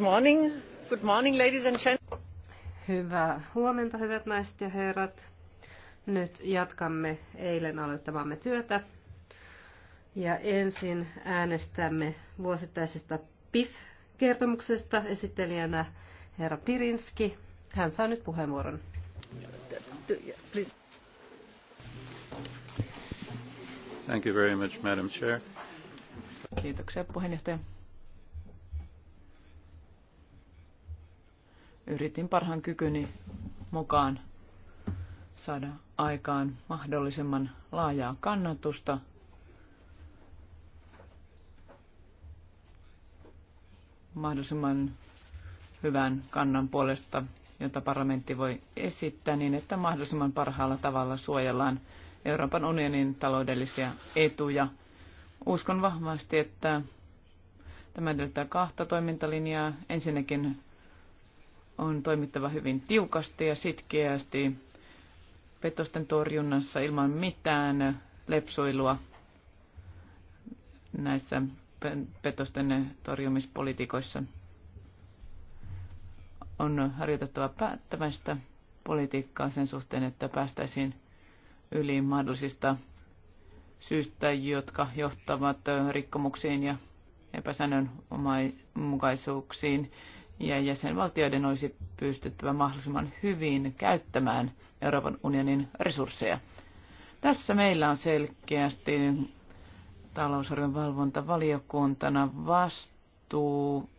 morning. Good morning, ladies and Hyvää huomenta, hyvät naiset ja herrat. Nyt jatkamme eilen aloittamamme työtä. Ja ensin äänestämme vuosittaisesta PIF-kertomuksesta esittelijänä herra Pirinski. Hän saa nyt puheenvuoron. Thank you very much, Madam Chair. Kiitoksia puheenjohtaja. yritin parhaan kykyni mukaan saada aikaan mahdollisimman laajaa kannatusta. Mahdollisimman hyvän kannan puolesta, jota parlamentti voi esittää, niin että mahdollisimman parhaalla tavalla suojellaan Euroopan unionin taloudellisia etuja. Uskon vahvasti, että tämä edellyttää kahta toimintalinjaa. Ensinnäkin on toimittava hyvin tiukasti ja sitkeästi petosten torjunnassa ilman mitään lepsuilua näissä petosten torjumispolitiikoissa. On harjoitettava päättäväistä politiikkaa sen suhteen, että päästäisiin yli mahdollisista syistä, jotka johtavat rikkomuksiin ja epäsäännönmukaisuuksiin ja jäsenvaltioiden olisi pystyttävä mahdollisimman hyvin käyttämään Euroopan unionin resursseja. Tässä meillä on selkeästi talousarvion valvontavaliokuntana vastuu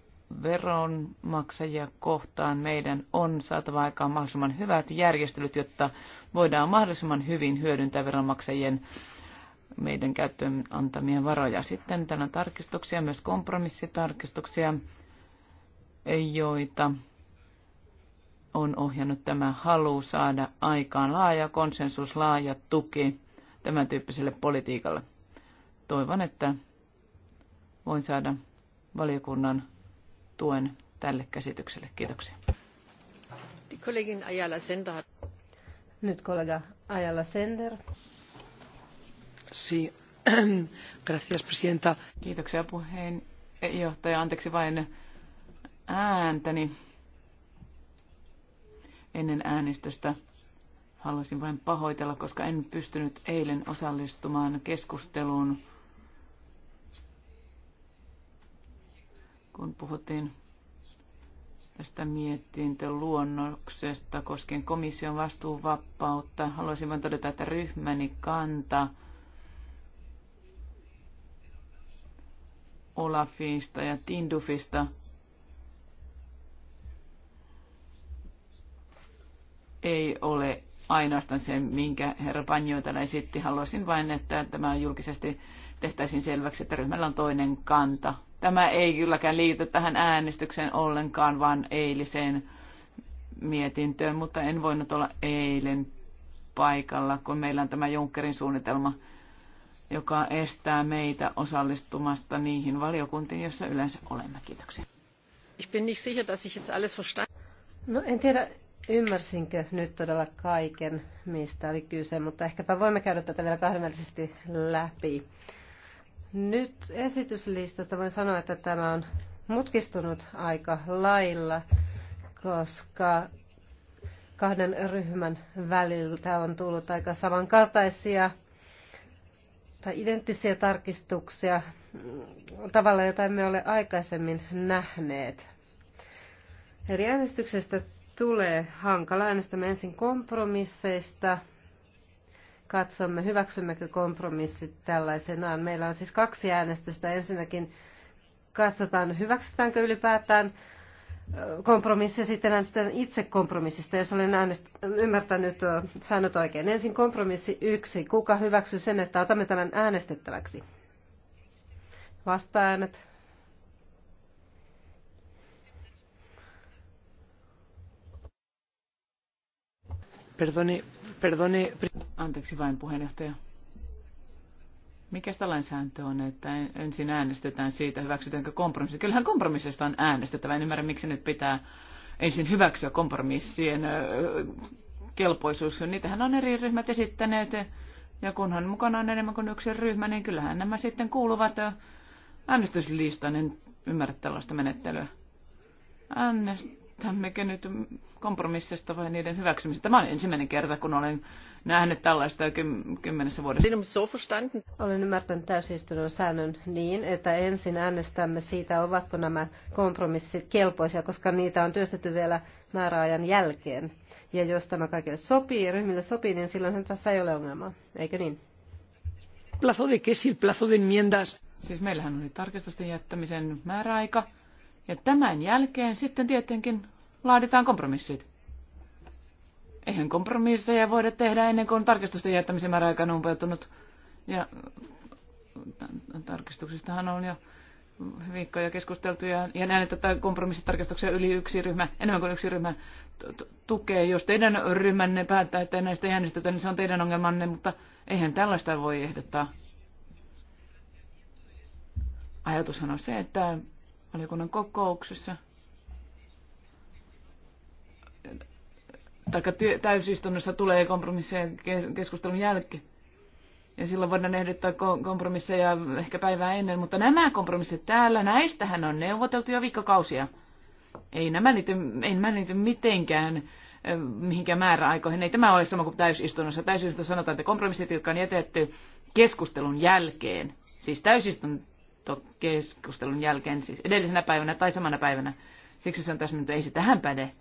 veronmaksajia kohtaan. Meidän on saatava aikaan mahdollisimman hyvät järjestelyt, jotta voidaan mahdollisimman hyvin hyödyntää veronmaksajien meidän käyttöön antamia varoja. Sitten täällä on tarkistuksia, myös kompromissitarkistuksia joita on ohjannut tämä halu saada aikaan laaja konsensus, laaja tuki tämän tyyppiselle politiikalle. Toivon, että voin saada valiokunnan tuen tälle käsitykselle. Kiitoksia. Nyt kollega Ayala Sender. Si. Gracias, presidenta. Kiitoksia puheenjohtaja. Eh, Anteeksi vain ääntäni ennen äänestystä. Haluaisin vain pahoitella, koska en pystynyt eilen osallistumaan keskusteluun, kun puhuttiin tästä mietintöluonnoksesta koskien komission vastuuvapautta. Haluaisin vain todeta, että ryhmäni kanta Olafista ja Tindufista – ei ole ainoastaan se, minkä herra Panjo täällä esitti. Haluaisin vain, että tämä julkisesti tehtäisiin selväksi, että ryhmällä on toinen kanta. Tämä ei kylläkään liity tähän äänestykseen ollenkaan, vaan eiliseen mietintöön, mutta en voinut olla eilen paikalla, kun meillä on tämä Junckerin suunnitelma, joka estää meitä osallistumasta niihin valiokuntiin, joissa yleensä olemme. Kiitoksia. Ich bin nicht sicher, dass ich jetzt alles verstanden. No, en tiedä, Ymmärsinkö nyt todella kaiken, mistä oli kyse, mutta ehkäpä voimme käydä tätä vielä kahdenvälisesti läpi. Nyt esityslistasta voin sanoa, että tämä on mutkistunut aika lailla, koska kahden ryhmän väliltä on tullut aika samankaltaisia tai identtisiä tarkistuksia tavalla, jota emme ole aikaisemmin nähneet. Eli äänestyksestä tulee hankala. Äänestämme ensin kompromisseista. Katsomme, hyväksymmekö kompromissit tällaisenaan. Meillä on siis kaksi äänestystä. Ensinnäkin katsotaan, hyväksytäänkö ylipäätään kompromissi ja sitten äänestetään itse kompromissista, jos olen äänest- ymmärtänyt säännöt oikein. Ensin kompromissi yksi. Kuka hyväksyy sen, että otamme tämän äänestettäväksi? Vastaäänet Perdone, perdone. Anteeksi vain puheenjohtaja. Mikä sitä sääntö on, että ensin äänestetään siitä, hyväksytäänkö kompromissi? Kyllähän kompromissista on äänestettävä. En ymmärrä, miksi nyt pitää ensin hyväksyä kompromissien kelpoisuus. Niitähän on eri ryhmät esittäneet. Ja kunhan mukana on enemmän kuin yksi ryhmä, niin kyllähän nämä sitten kuuluvat äänestyslistaan. En ymmärrä tällaista menettelyä. Äänest- päätämmekö nyt kompromissista vai niiden hyväksymisestä? Tämä on ensimmäinen kerta, kun olen nähnyt tällaista jo kymmenessä vuodessa. Olen ymmärtänyt täysistunnon säännön niin, että ensin äänestämme siitä, ovatko nämä kompromissit kelpoisia, koska niitä on työstetty vielä määräajan jälkeen. Ja jos tämä kaikille sopii ryhmille sopii, niin silloinhan tässä ei ole ongelmaa, eikö niin? Plazo de que si el plazo de enmiendas. Siis meillähän oli tarkistusten jättämisen määräaika ja tämän jälkeen sitten tietenkin laaditaan kompromissit. Eihän kompromisseja voida tehdä ennen kuin tarkistusten jättämisen määräaika on umpeutunut. Ja äh, tarkistuksistahan on jo viikkoja keskusteltu ja, ja näen, että tämä kompromissitarkistuksia yli yksi ryhmä, enemmän kuin yksi ryhmä tukee. Jos teidän ryhmänne päättää, että näistä jännistetä, niin se on teidän ongelmanne, mutta eihän tällaista voi ehdottaa. Ajatushan on se, että valiokunnan kokouksessa tai täysistunnossa tulee kompromisseja keskustelun jälkeen. Ja silloin voidaan ehdottaa kompromisseja ehkä päivää ennen, mutta nämä kompromissit täällä, näistähän on neuvoteltu jo viikkokausia. Ei nämä liity, ei nämä liity mitenkään mihinkään määräaikoihin. Ei tämä ole sama kuin täysistunnossa. Täysistunnossa sanotaan, että kompromissit, jotka on jätetty keskustelun jälkeen, siis täysistun, keskustelun jälkeen, siis edellisenä päivänä tai samana päivänä. Siksi se on täsmennyt, että ei se tähän päde.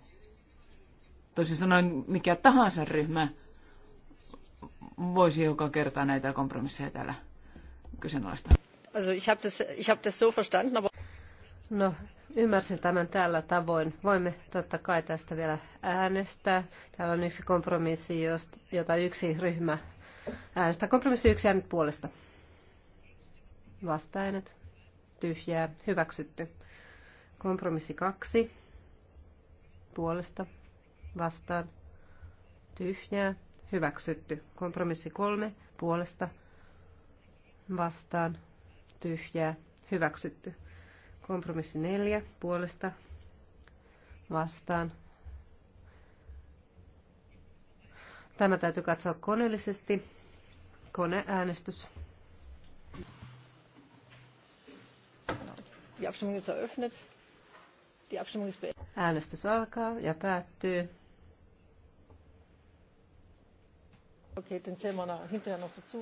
Toisin sanoen, mikä tahansa ryhmä voisi joka kerta näitä kompromisseja täällä kyseenalaista. Also ich habe das, ich hab das so verstanden, aber... No, ymmärsin tämän tällä tavoin. Voimme totta kai tästä vielä äänestää. Täällä on yksi kompromissi, jota yksi ryhmä äänestää. Kompromissi yksi äänet puolesta vastaäänet, tyhjää, hyväksytty. Kompromissi kaksi, puolesta, vastaan, tyhjää, hyväksytty. Kompromissi kolme, puolesta, vastaan, tyhjää, hyväksytty. Kompromissi neljä, puolesta, vastaan. Tämä täytyy katsoa koneellisesti. Koneäänestys. Die Abstimmung ist eröffnet. Die Abstimmung ist beendet. Äänestys alkaa ja päättyy. Okei, okay, den zählen wir noch, hinterher noch dazu.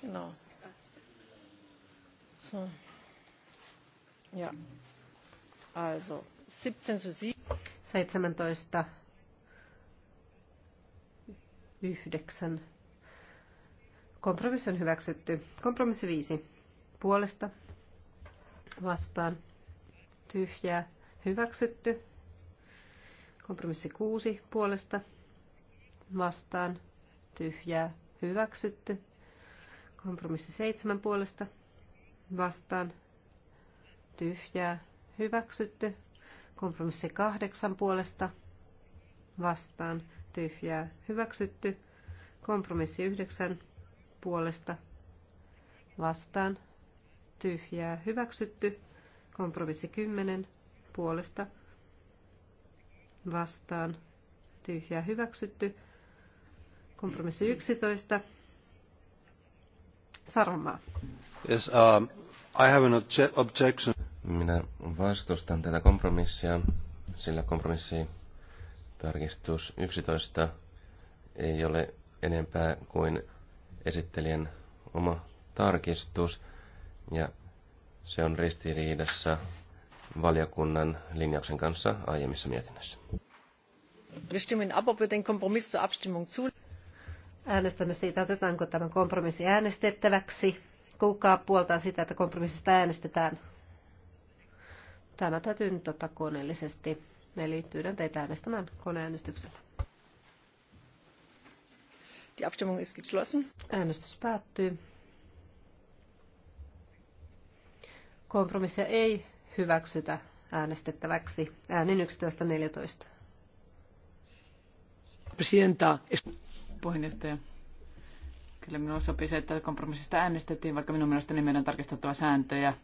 Genau. So. Ja. Also, 17 zu 7. 17 9. Kompromissi on hyväksytty. Kompromissi 5. Puolesta vastaan tyhjää hyväksytty. Kompromissi 6 puolesta vastaan tyhjää hyväksytty. Kompromissi 7 puolesta vastaan tyhjää hyväksytty. Kompromissi 8 puolesta vastaan tyhjää hyväksytty. Kompromissi 9 puolesta vastaan tyhjää hyväksytty. Kompromissi 10 puolesta vastaan tyhjää hyväksytty. Kompromissi 11. Sarmaa. Yes, um, I have an obje- objection. Minä vastustan tätä kompromissia, sillä kompromissi tarkistus 11 ei ole enempää kuin esittelijän oma tarkistus. Ja se on ristiriidassa valiokunnan linjauksen kanssa aiemmissa mietinnöissä. Äänestämme siitä, otetaanko tämä kompromissi äänestettäväksi. Kuka puoltaa sitä, että kompromissista äänestetään? Tämä täytyy nyt ottaa koneellisesti. Eli pyydän teitä äänestämään koneäänestyksellä. Die Abstimmung ist geschlossen. Äänestys päättyy. Kompromissia ei hyväksytä äänestettäväksi. Äänin 11.14. Presidenta. Puheenjohtaja. Kyllä minun sopii se, että kompromissista äänestettiin, vaikka minun mielestäni meidän on tarkistettava sääntöjä.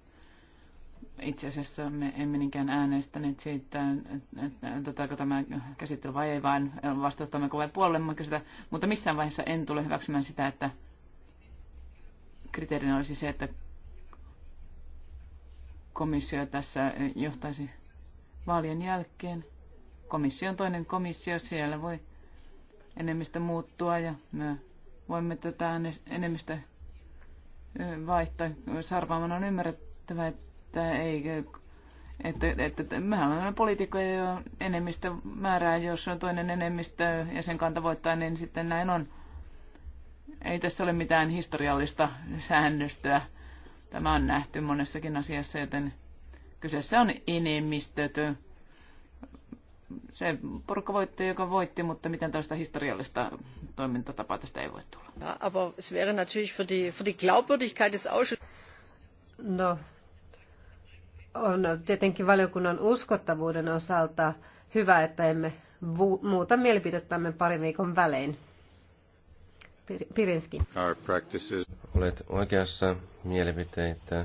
Itse asiassa me emme niinkään äänestäneet siitä, otetaanko tämä käsittely vai ei, vaan vastustammeko vai puolemmeko sitä. Mutta missään vaiheessa en tule hyväksymään sitä, että kriteerinä olisi se, että komissio tässä johtaisi vaalien jälkeen. Komissio on toinen komissio, siellä voi enemmistö muuttua ja me voimme tätä enemmistö vaihtaa. Sarvaaman on ymmärrettävä, että ei että, että, että mehän olemme poliitikkoja jo enemmistö määrää, jos on toinen enemmistö ja sen kanta voittaa, niin sitten näin on. Ei tässä ole mitään historiallista säännöstöä Tämä on nähty monessakin asiassa, joten kyseessä on enemmistöt. Se porukka voitti, joka voitti, mutta miten tällaista historiallista toimintatapaa tästä ei voi tulla. No, aber es wäre natürlich für die, für die Glaubwürdigkeit des No, on tietenkin valiokunnan uskottavuuden osalta hyvä, että emme muuta mielipidettämme parin viikon välein. Pirinski. Olet oikeassa. Mielipiteitä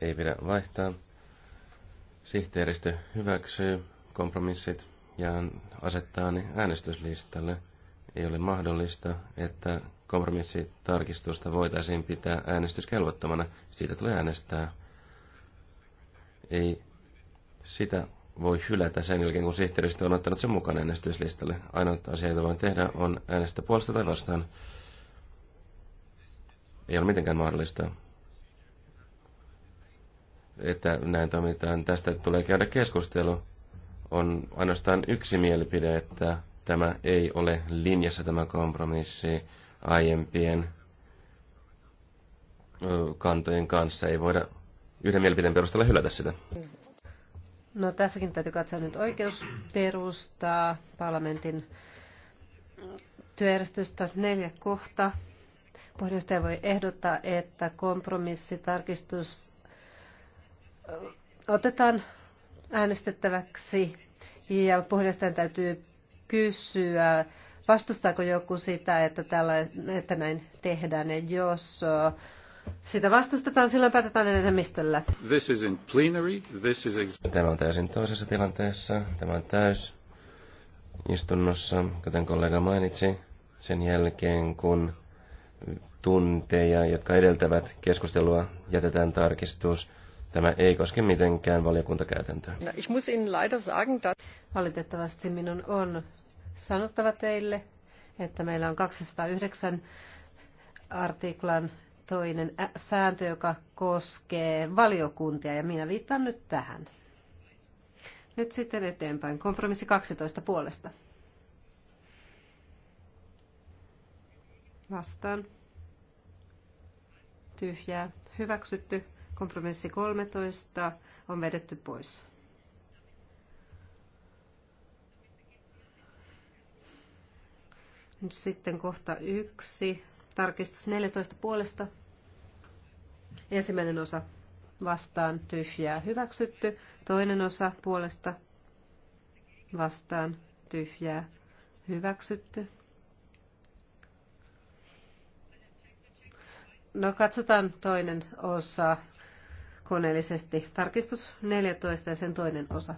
ei pidä vaihtaa. Sihteeristö hyväksyy kompromissit ja asettaa ne äänestyslistalle. Ei ole mahdollista, että kompromissitarkistusta voitaisiin pitää äänestyskelvottomana. Siitä tulee äänestää. Ei sitä voi hylätä sen jälkeen, kun sihteeristö on ottanut sen mukaan äänestyslistalle. Ainoa asia, jota voin tehdä, on äänestää puolesta tai vastaan. Ei ole mitenkään mahdollista, että näin toimitaan. Tästä tulee käydä keskustelu. On ainoastaan yksi mielipide, että tämä ei ole linjassa tämä kompromissi aiempien kantojen kanssa. Ei voida yhden mielipiteen perusteella hylätä sitä. No tässäkin täytyy katsoa nyt oikeusperustaa, parlamentin työjärjestystä neljä kohta. Puheenjohtaja voi ehdottaa, että kompromissitarkistus otetaan äänestettäväksi ja puheenjohtajan täytyy kysyä, vastustaako joku sitä, että, tällä, että näin tehdään ja jos sitä vastustetaan, silloin päätetään enemmistöllä. This is in plenary, this is ex- Tämä on täysin toisessa tilanteessa. Tämä on täys istunnossa, kuten kollega mainitsi, sen jälkeen kun tunteja, jotka edeltävät keskustelua, jätetään tarkistus. Tämä ei koske mitenkään valiokuntakäytäntöä. Ich muss Ihnen leider sagen, dass... Valitettavasti minun on sanottava teille, että meillä on 209 artiklan toinen sääntö, joka koskee valiokuntia, ja minä viittaan nyt tähän. Nyt sitten eteenpäin. Kompromissi 12 puolesta. Vastaan. Tyhjää. Hyväksytty. Kompromissi 13 on vedetty pois. Nyt sitten kohta yksi. Tarkistus 14 puolesta. Ensimmäinen osa vastaan tyhjää hyväksytty. Toinen osa puolesta vastaan tyhjää hyväksytty. No katsotaan toinen osa koneellisesti. Tarkistus 14 ja sen toinen osa.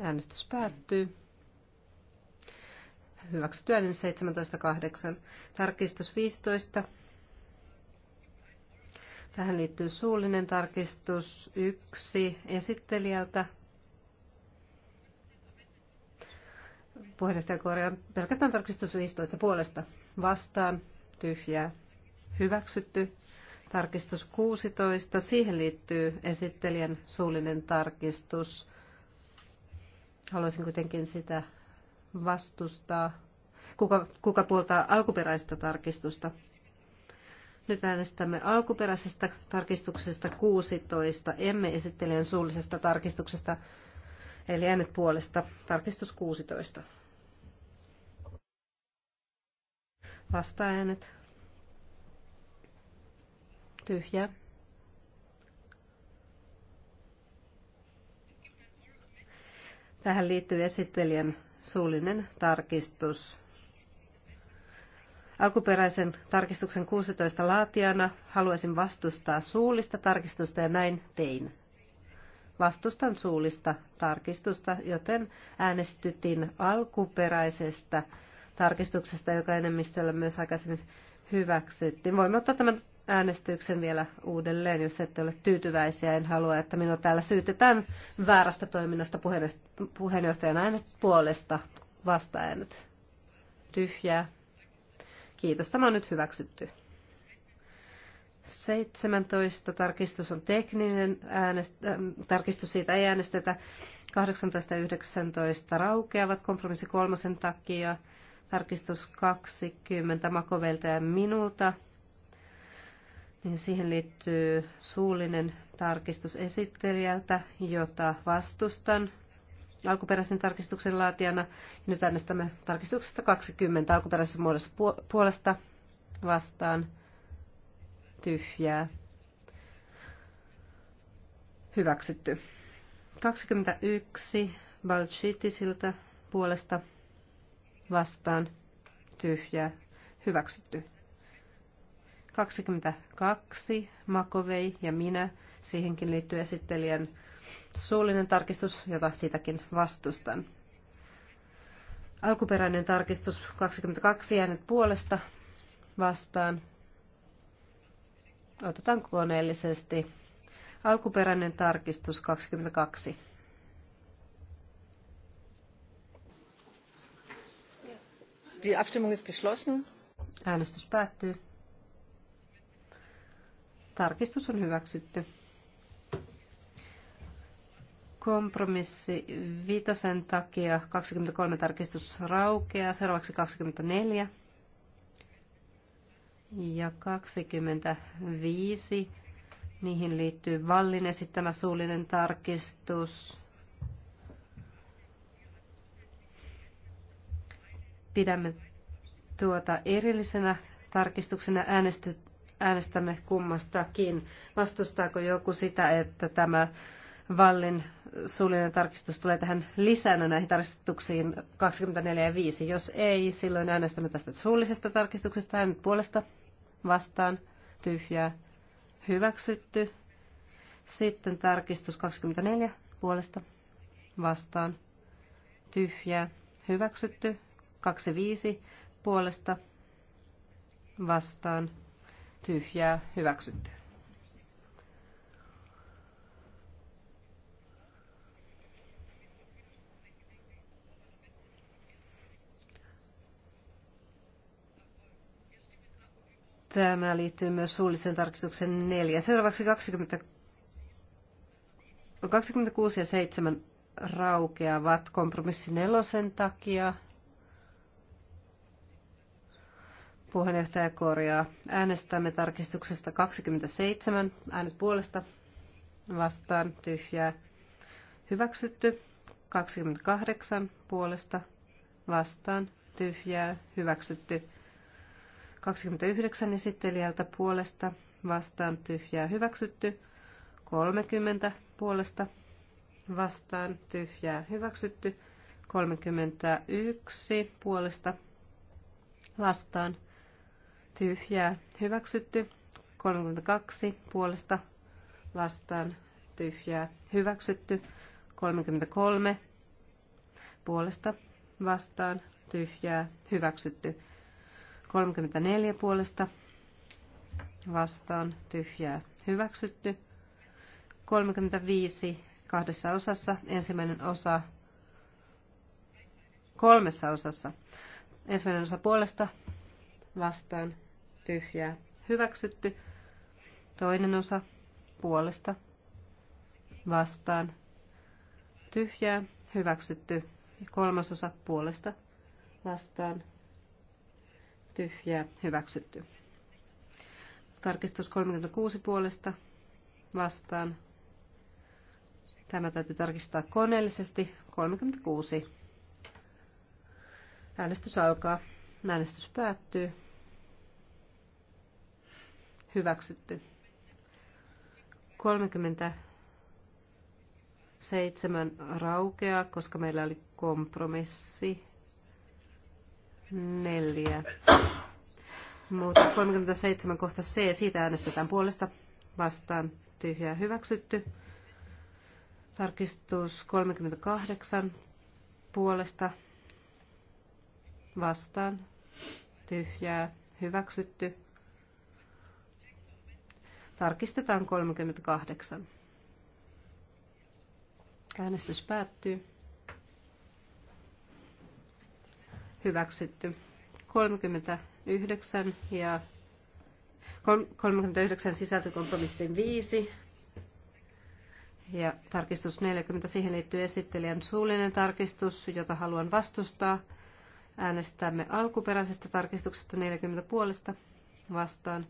Äänestys päättyy hyväksyttyä, niin 17.8. Tarkistus 15. Tähän liittyy suullinen tarkistus 1 esittelijältä. Puheenjohtaja korjaa pelkästään tarkistus 15 puolesta. Vastaan, tyhjää, hyväksytty. Tarkistus 16. Siihen liittyy esittelijän suullinen tarkistus. Haluaisin kuitenkin sitä vastustaa, kuka, kuka puoltaa alkuperäistä tarkistusta. Nyt äänestämme alkuperäisestä tarkistuksesta 16, emme esittelijän suullisesta tarkistuksesta, eli äänet puolesta, tarkistus 16. Vasta-äänet. Tyhjä. Tähän liittyy esittelijän suullinen tarkistus. Alkuperäisen tarkistuksen 16 laatijana haluaisin vastustaa suullista tarkistusta ja näin tein. Vastustan suullista tarkistusta, joten äänestytin alkuperäisestä tarkistuksesta, joka enemmistöllä myös aikaisemmin hyväksyttiin. Voimme ottaa tämän äänestyksen vielä uudelleen, jos ette ole tyytyväisiä. En halua, että minua täällä syytetään väärästä toiminnasta puheenjohtajan äänestä puolesta vastaäänet. Tyhjää. Kiitos, tämä on nyt hyväksytty. 17 tarkistus on tekninen äänest- äh, tarkistus, siitä ei äänestetä. 18 ja 19 raukeavat kompromissi kolmosen takia. Tarkistus 20 makovelta ja minulta niin siihen liittyy suullinen tarkistus esittelijältä, jota vastustan alkuperäisen tarkistuksen laatijana. Nyt äänestämme tarkistuksesta 20 alkuperäisessä muodossa puolesta vastaan tyhjää. Hyväksytty. 21 Balchitisilta puolesta vastaan tyhjää. Hyväksytty. 22, Makovei ja minä. Siihenkin liittyy esittelijän suullinen tarkistus, jota siitäkin vastustan. Alkuperäinen tarkistus 22 jäänyt puolesta vastaan. Otetaan koneellisesti. Alkuperäinen tarkistus 22. Die Abstimmung ist geschlossen. Äänestys päättyy. Tarkistus on hyväksytty. Kompromissi viitosen takia 23 tarkistus raukeaa, seuraavaksi 24 ja 25. Niihin liittyy Vallin esittämä suullinen tarkistus. Pidämme tuota erillisenä tarkistuksena äänesty, äänestämme kummastakin. Vastustaako joku sitä, että tämä Vallin suullinen tarkistus tulee tähän lisänä näihin tarkistuksiin 24 ja 5. Jos ei, silloin äänestämme tästä suullisesta tarkistuksesta nyt puolesta vastaan tyhjää hyväksytty. Sitten tarkistus 24 puolesta vastaan tyhjää hyväksytty. 25 puolesta vastaan tyhjää hyväksytty. Tämä liittyy myös suullisen tarkistuksen neljä. Seuraavaksi 20, 26 ja 7 raukeavat kompromissi nelosen takia Puheenjohtaja korjaa. Äänestämme tarkistuksesta 27. Äänet puolesta vastaan tyhjää. Hyväksytty. 28 puolesta vastaan tyhjää. Hyväksytty. 29 esittelijältä puolesta vastaan tyhjää. Hyväksytty. 30 puolesta vastaan tyhjää. Hyväksytty. 31 puolesta vastaan tyhjää hyväksytty. 32 puolesta vastaan tyhjää hyväksytty. 33 puolesta vastaan tyhjää hyväksytty. 34 puolesta vastaan tyhjää hyväksytty. 35 kahdessa osassa. Ensimmäinen osa kolmessa osassa. Ensimmäinen osa puolesta vastaan tyhjää hyväksytty. Toinen osa puolesta vastaan tyhjää hyväksytty. Kolmas osa puolesta vastaan tyhjää hyväksytty. Tarkistus 36 puolesta vastaan. Tämä täytyy tarkistaa koneellisesti. 36. Äänestys alkaa. Äänestys päättyy hyväksytty. 37 raukeaa, koska meillä oli kompromissi neljä. Mutta 37 kohta C, siitä äänestetään puolesta vastaan tyhjää hyväksytty. Tarkistus 38 puolesta vastaan tyhjää hyväksytty. Tarkistetaan 38. Äänestys päättyy. Hyväksytty. 39 ja 39 sisältökompromissin 5 ja tarkistus 40. Siihen liittyy esittelijän suullinen tarkistus, jota haluan vastustaa. Äänestämme alkuperäisestä tarkistuksesta 40 puolesta vastaan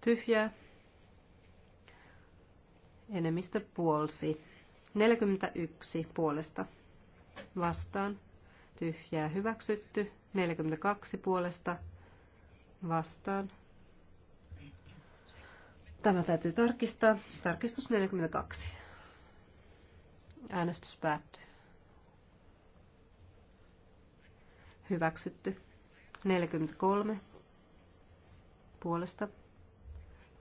tyhjää. Enemmistö puolsi. 41 puolesta vastaan tyhjää hyväksytty. 42 puolesta vastaan. Tämä täytyy tarkistaa. Tarkistus 42. Äänestys päättyy. Hyväksytty. 43 puolesta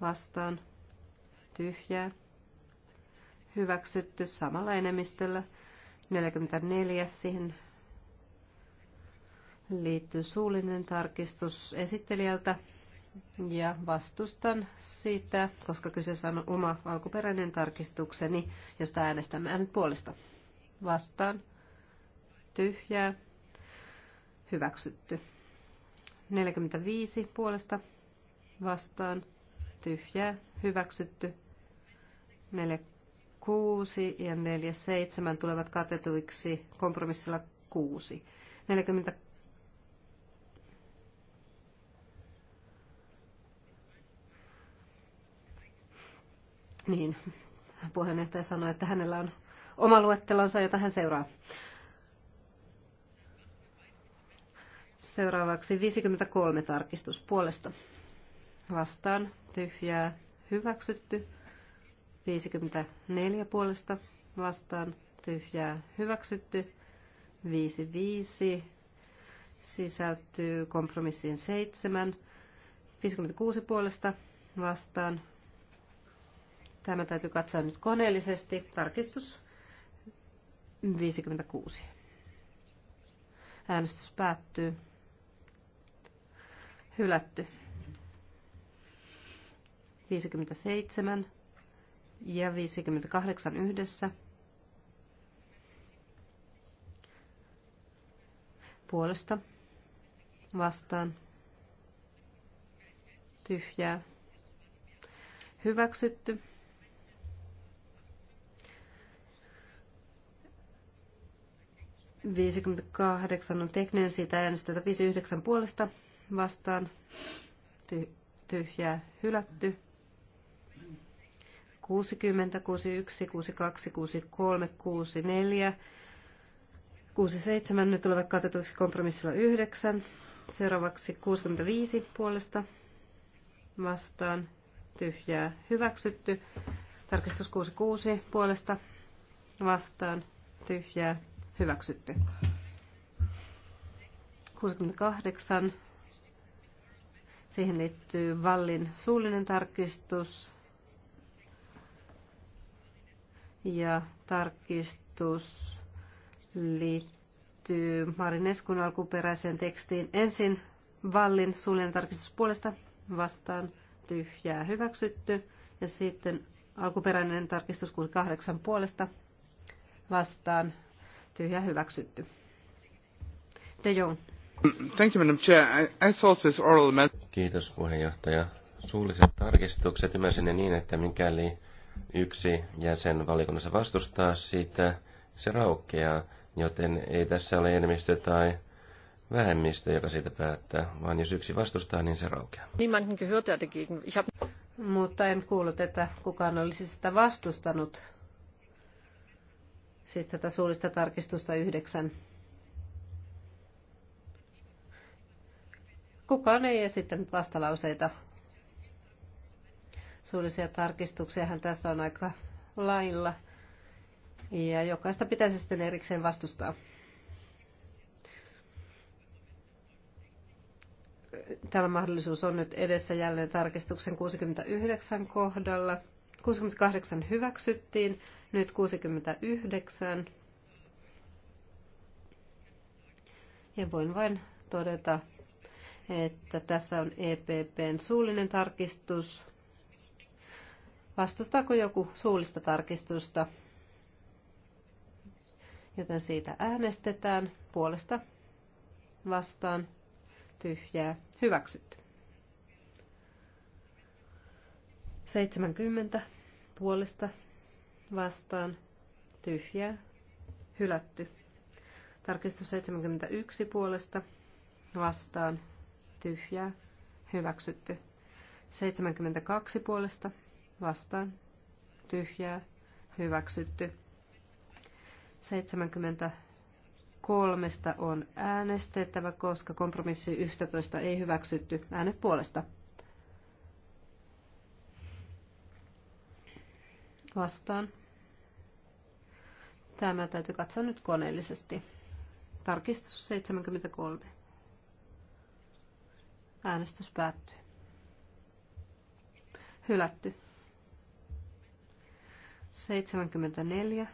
vastaan tyhjää hyväksytty samalla enemmistöllä 44 siihen liittyy suullinen tarkistus esittelijältä ja vastustan sitä, koska kyseessä on oma alkuperäinen tarkistukseni, josta äänestämme äänet puolesta. Vastaan. Tyhjää. Hyväksytty. 45 puolesta. Vastaan tyhjä, hyväksytty. 4, 6 ja 4, 7 tulevat katetuiksi kompromissilla 6. 40, 6. niin, puheenjohtaja sanoi, että hänellä on oma luettelonsa, jota hän seuraa. Seuraavaksi 53 tarkistus puolesta vastaan tyhjää hyväksytty. 54 puolesta vastaan tyhjää hyväksytty. 55 sisältyy kompromissiin 7. 56 puolesta vastaan. Tämä täytyy katsoa nyt koneellisesti. Tarkistus 56. Äänestys päättyy. Hylätty. 57 ja 58 yhdessä puolesta vastaan tyhjää hyväksytty. Viisikymmentäkahdeksan on tekninen, siitä äänestetään 59 puolesta vastaan, tyhjää hylätty. 60, 61, 62, 63, 64, 67. Ne tulevat katetuiksi kompromissilla 9. Seuraavaksi 65 puolesta vastaan tyhjää hyväksytty. Tarkistus 66 puolesta vastaan tyhjää hyväksytty. 68. Siihen liittyy Vallin suullinen tarkistus ja tarkistus liittyy Marineskun alkuperäiseen tekstiin. Ensin Vallin suullinen tarkistus puolesta vastaan tyhjää hyväksytty ja sitten alkuperäinen tarkistus 68 puolesta vastaan tyhjää hyväksytty. De Jong. Thank you, Madam Chair. I, I thought this oral Kiitos puheenjohtaja. Suulliset tarkistukset ymmärsin ne niin, että mikäli yksi jäsen valikunnassa vastustaa sitä, se raukeaa, joten ei tässä ole enemmistö tai vähemmistö, joka siitä päättää, vaan jos yksi vastustaa, niin se raukeaa. Mutta en kuullut, että kukaan olisi sitä vastustanut, siis tätä suullista tarkistusta yhdeksän. Kukaan ei esittänyt vastalauseita Suullisia hän tässä on aika lailla. Ja jokaista pitäisi sitten erikseen vastustaa. Tämä mahdollisuus on nyt edessä jälleen tarkistuksen 69 kohdalla. 68 hyväksyttiin, nyt 69. Ja voin vain todeta, että tässä on EPPn suullinen tarkistus Vastustaako joku suullista tarkistusta? Joten siitä äänestetään puolesta vastaan tyhjää hyväksytty. 70 puolesta vastaan tyhjää hylätty. Tarkistus 71 puolesta vastaan tyhjää hyväksytty. 72 puolesta vastaan tyhjää hyväksytty. 73 on äänestettävä, koska kompromissi 11 ei hyväksytty. Äänet puolesta. Vastaan. Tämä täytyy katsoa nyt koneellisesti. Tarkistus 73. Äänestys päättyy. Hylätty. 74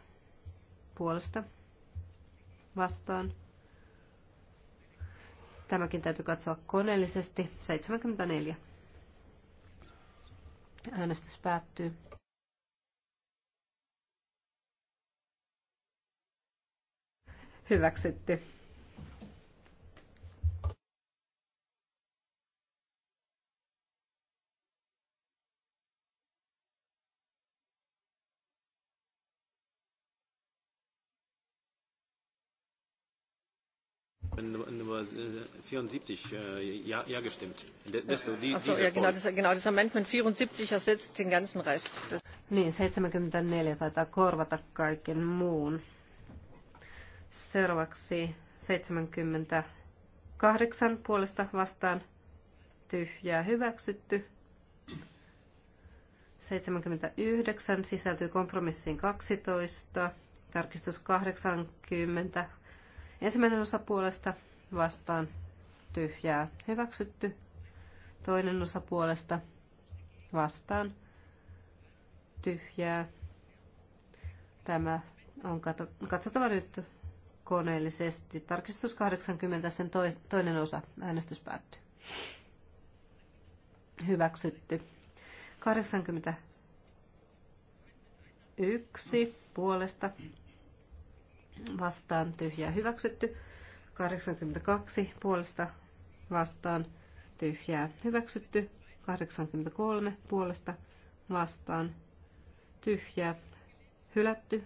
puolesta vastaan. Tämäkin täytyy katsoa koneellisesti. 74. Äänestys päättyy. Hyväksytty. vierundsiebzig äh, ja, ja gestimmt. Desto, ja, genau, das, genau, das Amendment 74 ersetzt den ganzen Rest. Das niin, 74 taitaa korvata kaiken muun. Seuraavaksi 78 puolesta vastaan tyhjää hyväksytty. 79 sisältyy kompromissiin 12, tarkistus 80, ensimmäinen osa puolesta vastaan tyhjää hyväksytty. Toinen osa puolesta vastaan tyhjää. Tämä on katsottava nyt koneellisesti. Tarkistus 80, sen toinen osa. Äänestys päättyy. Hyväksytty. 81 puolesta vastaan tyhjää hyväksytty. 82 puolesta vastaan tyhjää hyväksytty. 83 puolesta vastaan tyhjää hylätty.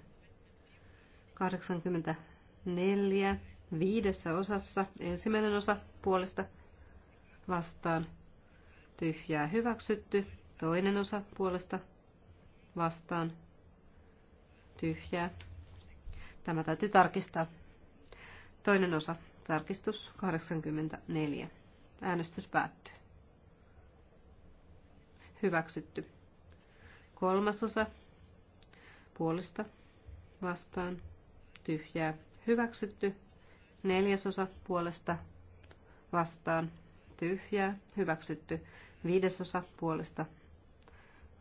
84 viidessä osassa ensimmäinen osa puolesta vastaan tyhjää hyväksytty. Toinen osa puolesta vastaan tyhjää. Tämä täytyy tarkistaa. Toinen osa. Tarkistus 84. Äänestys päättyy. Hyväksytty. Kolmas osa. Puolesta. Vastaan. Tyhjää. Hyväksytty. Neljäs osa. Puolesta. Vastaan. Tyhjää. Hyväksytty. Viides osa. Puolesta.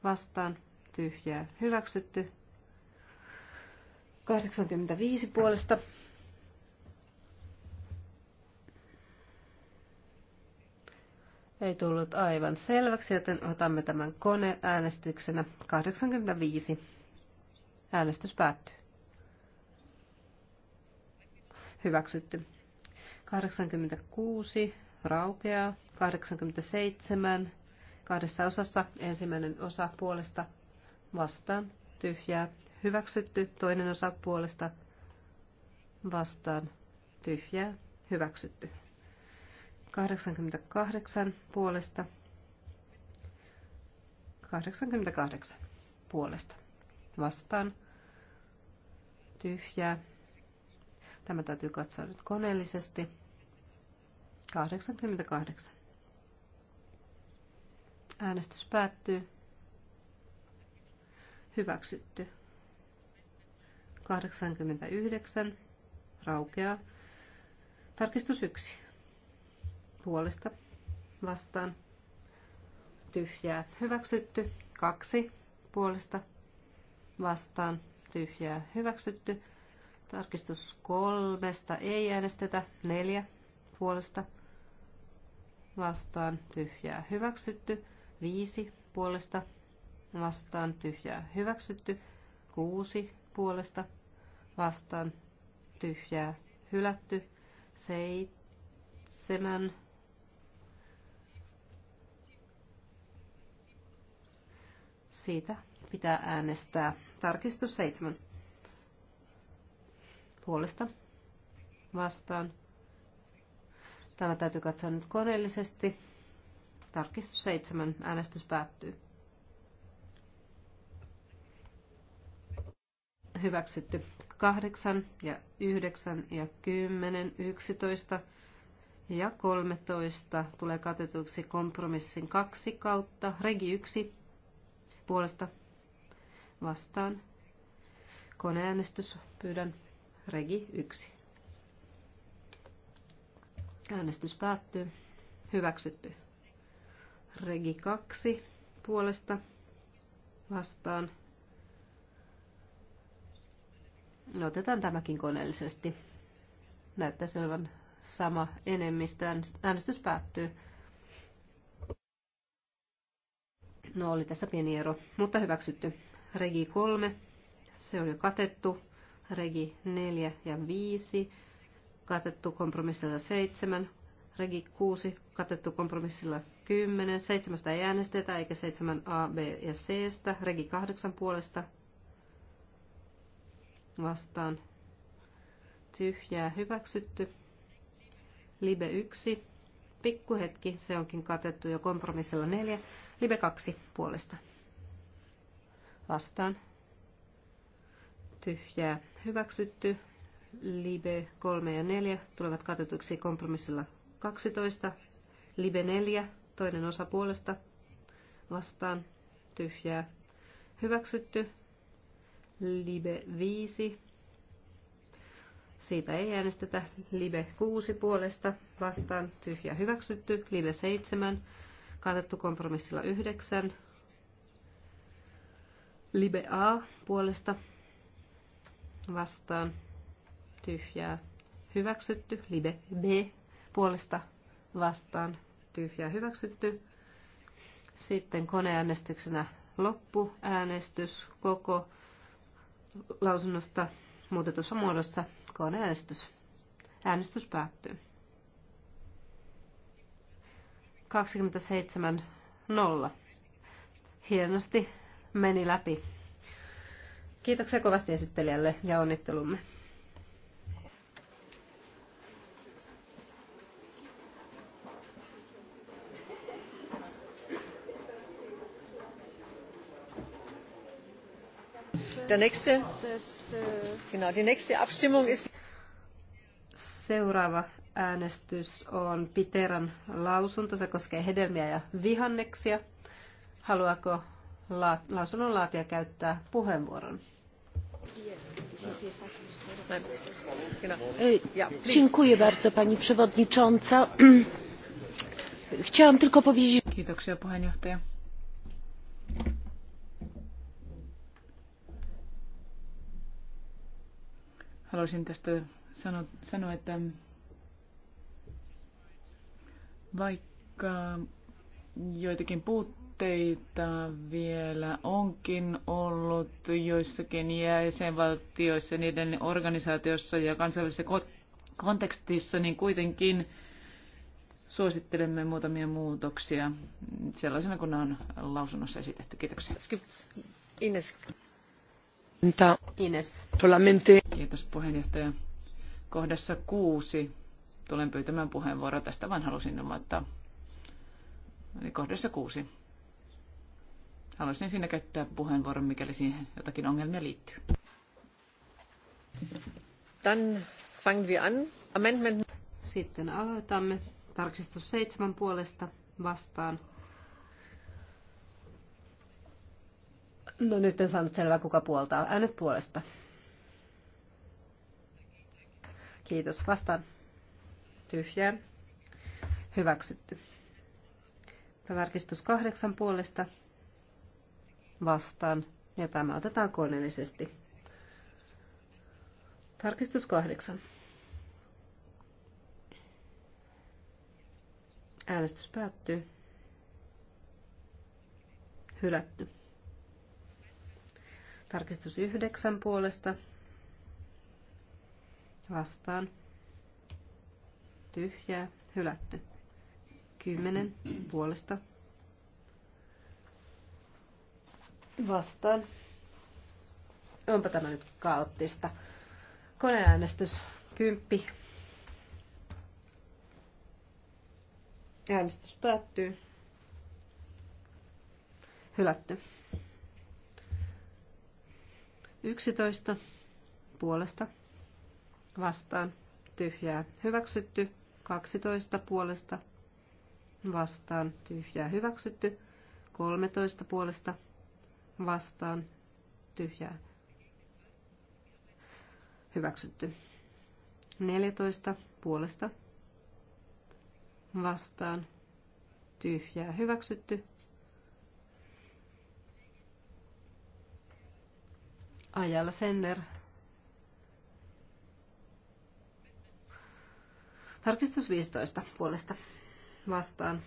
Vastaan. Tyhjää. Hyväksytty. 85 puolesta ei tullut aivan selväksi, joten otamme tämän koneäänestyksenä. 85. Äänestys päättyy. Hyväksytty. 86 raukeaa. 87 kahdessa osassa. Ensimmäinen osa puolesta vastaan. Tyhjää. Hyväksytty. Toinen osa puolesta vastaan. Tyhjää. Hyväksytty. 88 puolesta. 88 puolesta. Vastaan. Tyhjää. Tämä täytyy katsoa nyt koneellisesti. 88. Äänestys päättyy. Hyväksytty. 89. Raukeaa. Tarkistus 1 puolesta vastaan tyhjää hyväksytty. Kaksi puolesta vastaan tyhjää hyväksytty. Tarkistus kolmesta ei äänestetä. Neljä puolesta vastaan tyhjää hyväksytty. Viisi puolesta vastaan tyhjää hyväksytty. Kuusi puolesta vastaan tyhjää hylätty. Seitsemän Siitä pitää äänestää. Tarkistus 7. Puolesta. Vastaan. Tämä täytyy katsoa nyt koneellisesti. Tarkistus 7. Äänestys päättyy. Hyväksytty 8 ja 9 ja 10, 11 ja 13 tulee katetuksi kompromissin 2 kautta. Regi 1 puolesta vastaan. Koneäänestys pyydän regi 1. Äänestys päättyy. Hyväksytty. Regi 2 puolesta vastaan. No, otetaan tämäkin koneellisesti. Näyttää selvän sama enemmistö. Äänestys päättyy. No oli tässä pieni ero, mutta hyväksytty. Regi 3, se on jo katettu. Regi 4 ja 5, katettu kompromissilla 7. Regi 6, katettu kompromissilla 10. 7 ei äänestetä, eikä 7 A, B ja C. Regi 8 puolesta vastaan tyhjää hyväksytty. Libe 1, pikkuhetki, se onkin katettu jo kompromissilla 4. Live 2 puolesta. Vastaan. Tyhjää. Hyväksytty. Live 3 ja 4 tulevat katetuksi kompromissilla 12. Live 4, toinen osa puolesta. Vastaan. Tyhjää. Hyväksytty. Live 5. Siitä ei äänestetä. Live 6 puolesta vastaan tyhjä hyväksytty. Live 7 kannatettu kompromissilla 9. Libe A puolesta vastaan tyhjää hyväksytty. Libe B puolesta vastaan tyhjää hyväksytty. Sitten koneäänestyksenä loppuäänestys koko lausunnosta muutetussa muodossa. Koneäänestys. Äänestys päättyy. 27.0. Hienosti meni läpi. Kiitoksia kovasti esittelijälle ja onnittelumme. Der nächste, genau, die nächste Abstimmung ist. Seuraava äänestys on Piteran lausunto. Se koskee hedelmiä ja vihanneksia. Haluaako la- lausunnon laatija käyttää puheenvuoron? Dziękuję bardzo pani przewodnicząca. Chciałam tylko powiedzieć... Kiitoksia puheenjohtaja. Haluaisin tästä sanoa, että vaikka joitakin puutteita vielä onkin ollut joissakin jäsenvaltioissa, niiden organisaatiossa ja kansallisessa kontekstissa, niin kuitenkin suosittelemme muutamia muutoksia sellaisena kuin ne on lausunnossa esitetty. Kiitoksia. Ines. Ines. Kiitos puheenjohtaja. Kohdassa kuusi tulen pyytämään puheenvuoroa tästä, vaan halusin ilmoittaa. Eli kohdassa kuusi. Haluaisin siinä käyttää puheenvuoron, mikäli siihen jotakin ongelmia liittyy. Dann fangen wir an. Amendment. Sitten aloitamme. Tarkistus seitsemän puolesta vastaan. No nyt en saanut selvää, kuka puoltaa. Äänet puolesta. Kiitos. Vastaan tyhjää, hyväksytty. Tarkistus kahdeksan puolesta vastaan ja tämä otetaan koneellisesti. Tarkistus kahdeksan. Äänestys päättyy. Hylätty. Tarkistus yhdeksän puolesta. Vastaan tyhjää, hylätty. 10 puolesta vastaan. Onpa tämä nyt kaoottista. Koneäänestys kymppi. Äänestys päättyy. Hylätty. 11 puolesta vastaan tyhjää hyväksytty. 12 puolesta vastaan tyhjää hyväksytty. 13 puolesta vastaan tyhjää hyväksytty. 14 puolesta vastaan tyhjää hyväksytty. Ajalla Sender Tarkistus 15 puolesta vastaan.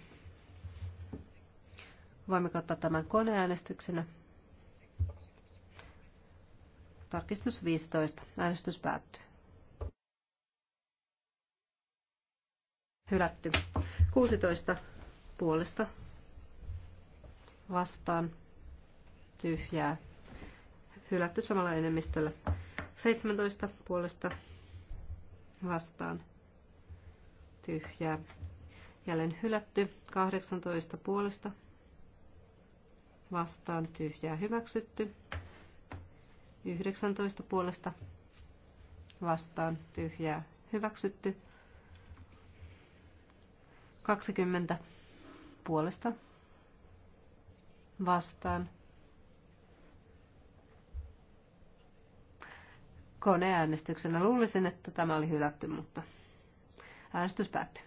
Voimme ottaa tämän koneäänestyksenä. Tarkistus 15. Äänestys päättyy. Hylätty. 16 puolesta vastaan tyhjää. Hylätty samalla enemmistöllä. 17 puolesta vastaan tyhjää. Jälleen hylätty 18 puolesta vastaan tyhjää hyväksytty. 19 puolesta vastaan tyhjää hyväksytty. 20 puolesta vastaan. Koneäänestyksenä luulisin, että tämä oli hylätty, mutta Äänestys päättyy.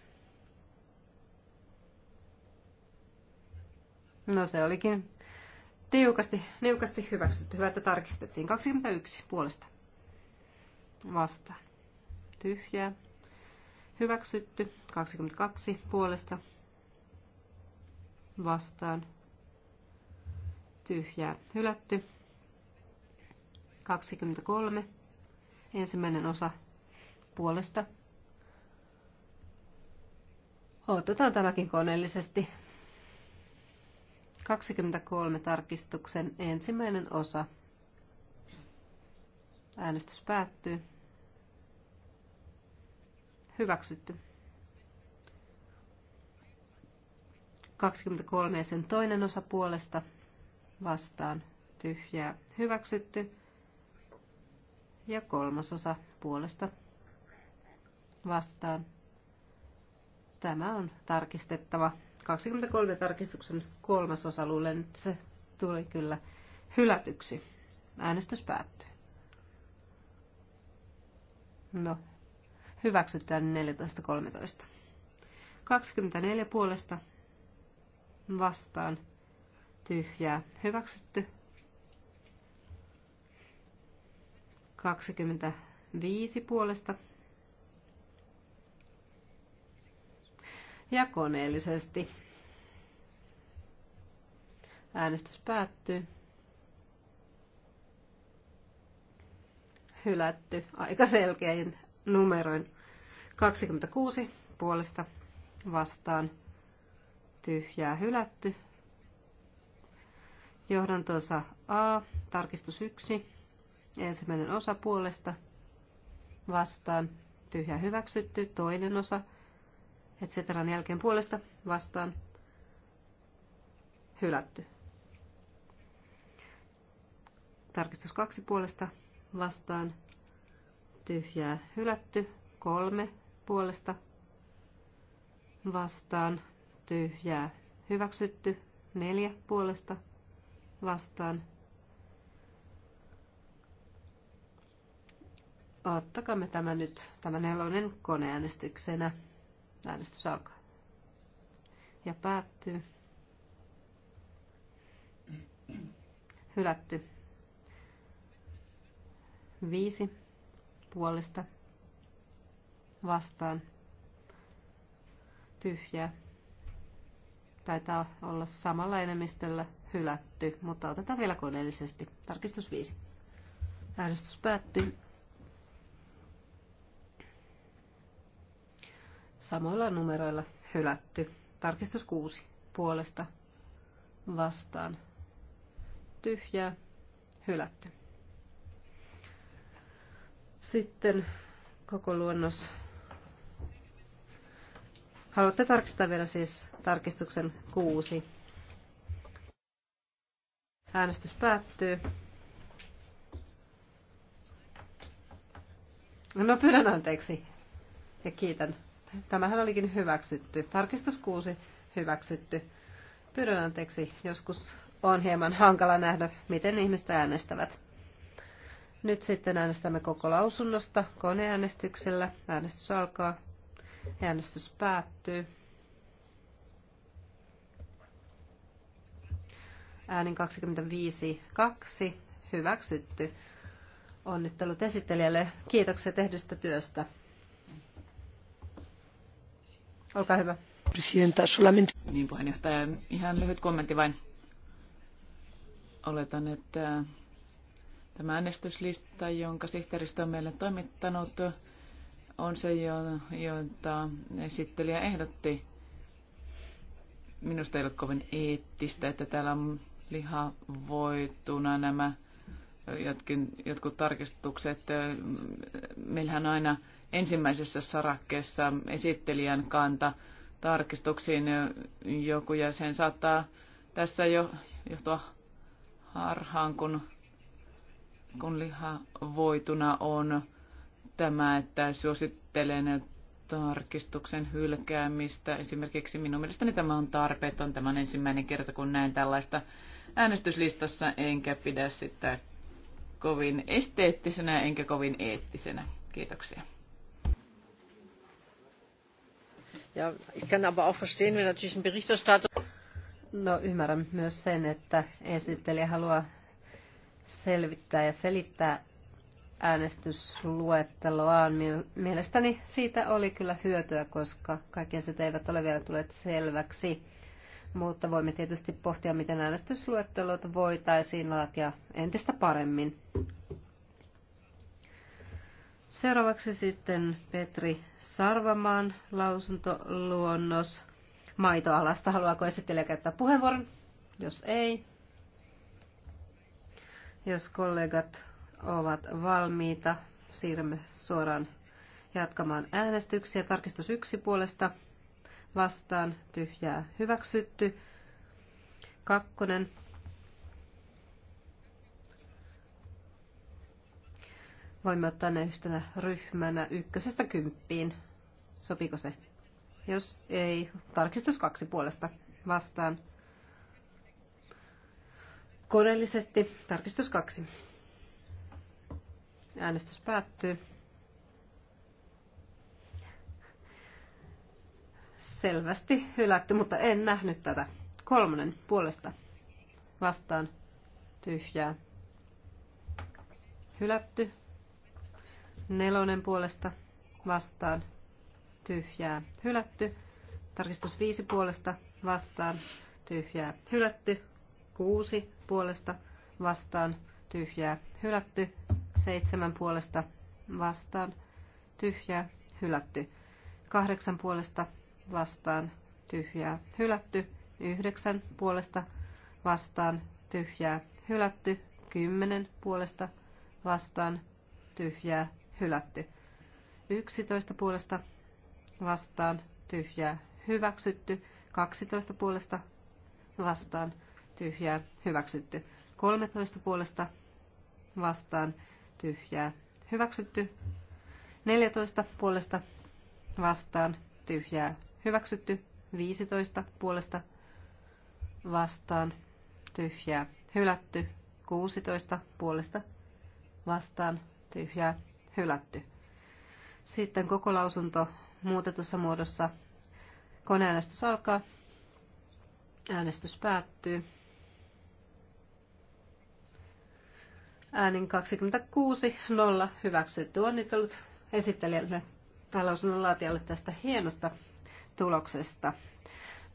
No se olikin tiukasti, niukasti hyväksytty. Hyvä, että tarkistettiin. 21 puolesta. Vastaan. Tyhjää. Hyväksytty. 22 puolesta. Vastaan. Tyhjää. Hylätty. 23. Ensimmäinen osa puolesta. Otetaan tämäkin koneellisesti. 23 tarkistuksen ensimmäinen osa. Äänestys päättyy. Hyväksytty. 23 sen toinen osa puolesta vastaan tyhjää hyväksytty. Ja kolmas osa puolesta vastaan Tämä on tarkistettava. 23 tarkistuksen kolmasosa luulen, että se tuli kyllä hylätyksi. Äänestys päättyy. No, hyväksytään 14.13. 24 puolesta vastaan tyhjää hyväksytty. 25 puolesta ja koneellisesti. Äänestys päättyy. Hylätty aika selkein numeroin. 26 puolesta vastaan tyhjää hylätty. Johdantonsa A, tarkistus 1, ensimmäinen osa puolesta vastaan tyhjä hyväksytty, toinen osa et cetran jälkeen puolesta vastaan hylätty. Tarkistus kaksi puolesta vastaan tyhjää hylätty. Kolme puolesta vastaan tyhjää hyväksytty. Neljä puolesta vastaan. me tämä nyt, tämä nelonen koneäänestyksenä. Äänestys alkaa. Ja päättyy. Hylätty. Viisi puolesta vastaan. Tyhjää. Taitaa olla samalla enemmistöllä hylätty, mutta otetaan vielä koneellisesti. Tarkistus 5. Äänestys päättyy. samoilla numeroilla hylätty. Tarkistus 6 puolesta vastaan tyhjää hylätty. Sitten koko luonnos. Haluatte tarkistaa vielä siis tarkistuksen 6. Äänestys päättyy. No pyydän anteeksi ja kiitän Tämähän olikin hyväksytty. Tarkistus 6 hyväksytty. Pyydän anteeksi, joskus on hieman hankala nähdä, miten ihmiset äänestävät. Nyt sitten äänestämme koko lausunnosta koneäänestyksellä. Äänestys alkaa. Äänestys päättyy. Äänin 25.2. Hyväksytty. Onnittelut esittelijälle. Kiitoksia tehdystä työstä. Olkaa hyvä. Presidenta, solamente... Niin puheenjohtaja, ihan lyhyt kommentti vain. Oletan, että tämä äänestyslista, jonka sihteeristö on meille toimittanut, on se, jota esittelijä ehdotti. Minusta ei ole kovin eettistä, että täällä on lihavoituna nämä jotkin, jotkut tarkistukset. Meillähän aina ensimmäisessä sarakkeessa esittelijän kanta tarkistuksiin. Joku jäsen saattaa tässä jo johtua harhaan, kun, kun liha voituna on tämä, että suosittelen tarkistuksen hylkäämistä. Esimerkiksi minun mielestäni tämä on tarpeeton. Tämä on ensimmäinen kerta, kun näen tällaista äänestyslistassa, enkä pidä sitä kovin esteettisenä enkä kovin eettisenä. Kiitoksia. ich kann aber auch verstehen, wenn natürlich ein Berichterstatter... No ymmärrän myös sen, että esittelijä haluaa selvittää ja selittää äänestysluetteloaan. Mielestäni siitä oli kyllä hyötyä, koska kaikki asiat eivät ole vielä tulleet selväksi. Mutta voimme tietysti pohtia, miten äänestysluettelot voitaisiin laatia entistä paremmin. Seuraavaksi sitten Petri Sarvamaan lausuntoluonnos maitoalasta. Haluaako esittelijä käyttää puheenvuoron? Jos ei, jos kollegat ovat valmiita, siirrymme suoraan jatkamaan äänestyksiä. Tarkistus yksi puolesta vastaan tyhjää hyväksytty. Kakkonen Voimme ottaa ne yhtenä ryhmänä ykkösestä kymppiin. Sopiiko se? Jos ei, tarkistus kaksi puolesta vastaan. Koneellisesti tarkistus kaksi. Äänestys päättyy. Selvästi hylätty, mutta en nähnyt tätä. Kolmonen puolesta vastaan tyhjää. Hylätty. Nelonen puolesta vastaan tyhjää hylätty. Tarkistus viisi puolesta vastaan tyhjää hylätty. Kuusi puolesta vastaan tyhjää hylätty. Seitsemän puolesta vastaan tyhjää hylätty. Kahdeksan puolesta vastaan tyhjää hylätty. Yhdeksän puolesta vastaan tyhjää hylätty. Kymmenen puolesta vastaan tyhjää hylätty. 11 puolesta vastaan tyhjää hyväksytty. 12 puolesta vastaan tyhjää hyväksytty. 13 puolesta vastaan tyhjää hyväksytty. 14 puolesta vastaan tyhjää hyväksytty. 15 puolesta vastaan tyhjää hylätty. 16 puolesta vastaan tyhjää hylätty. Sitten koko lausunto muutetussa muodossa. Koneäänestys alkaa. Äänestys päättyy. Äänin 26.0 hyväksytty. Onnittelut esittelijälle lausunnon laatijalle tästä hienosta tuloksesta.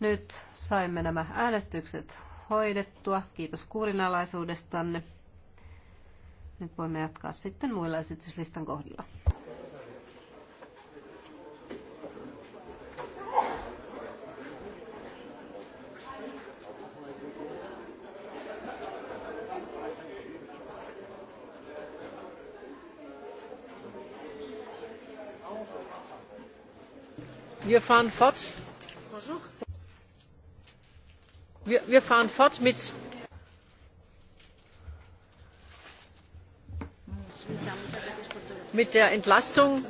Nyt saimme nämä äänestykset hoidettua. Kiitos kuurinalaisuudestanne. Nyt voimme jatkaa sitten muilla esityslistan kohdilla. Wir fahren fort. Bonjour. Wir, Wir fahren fort mit mit der entlastung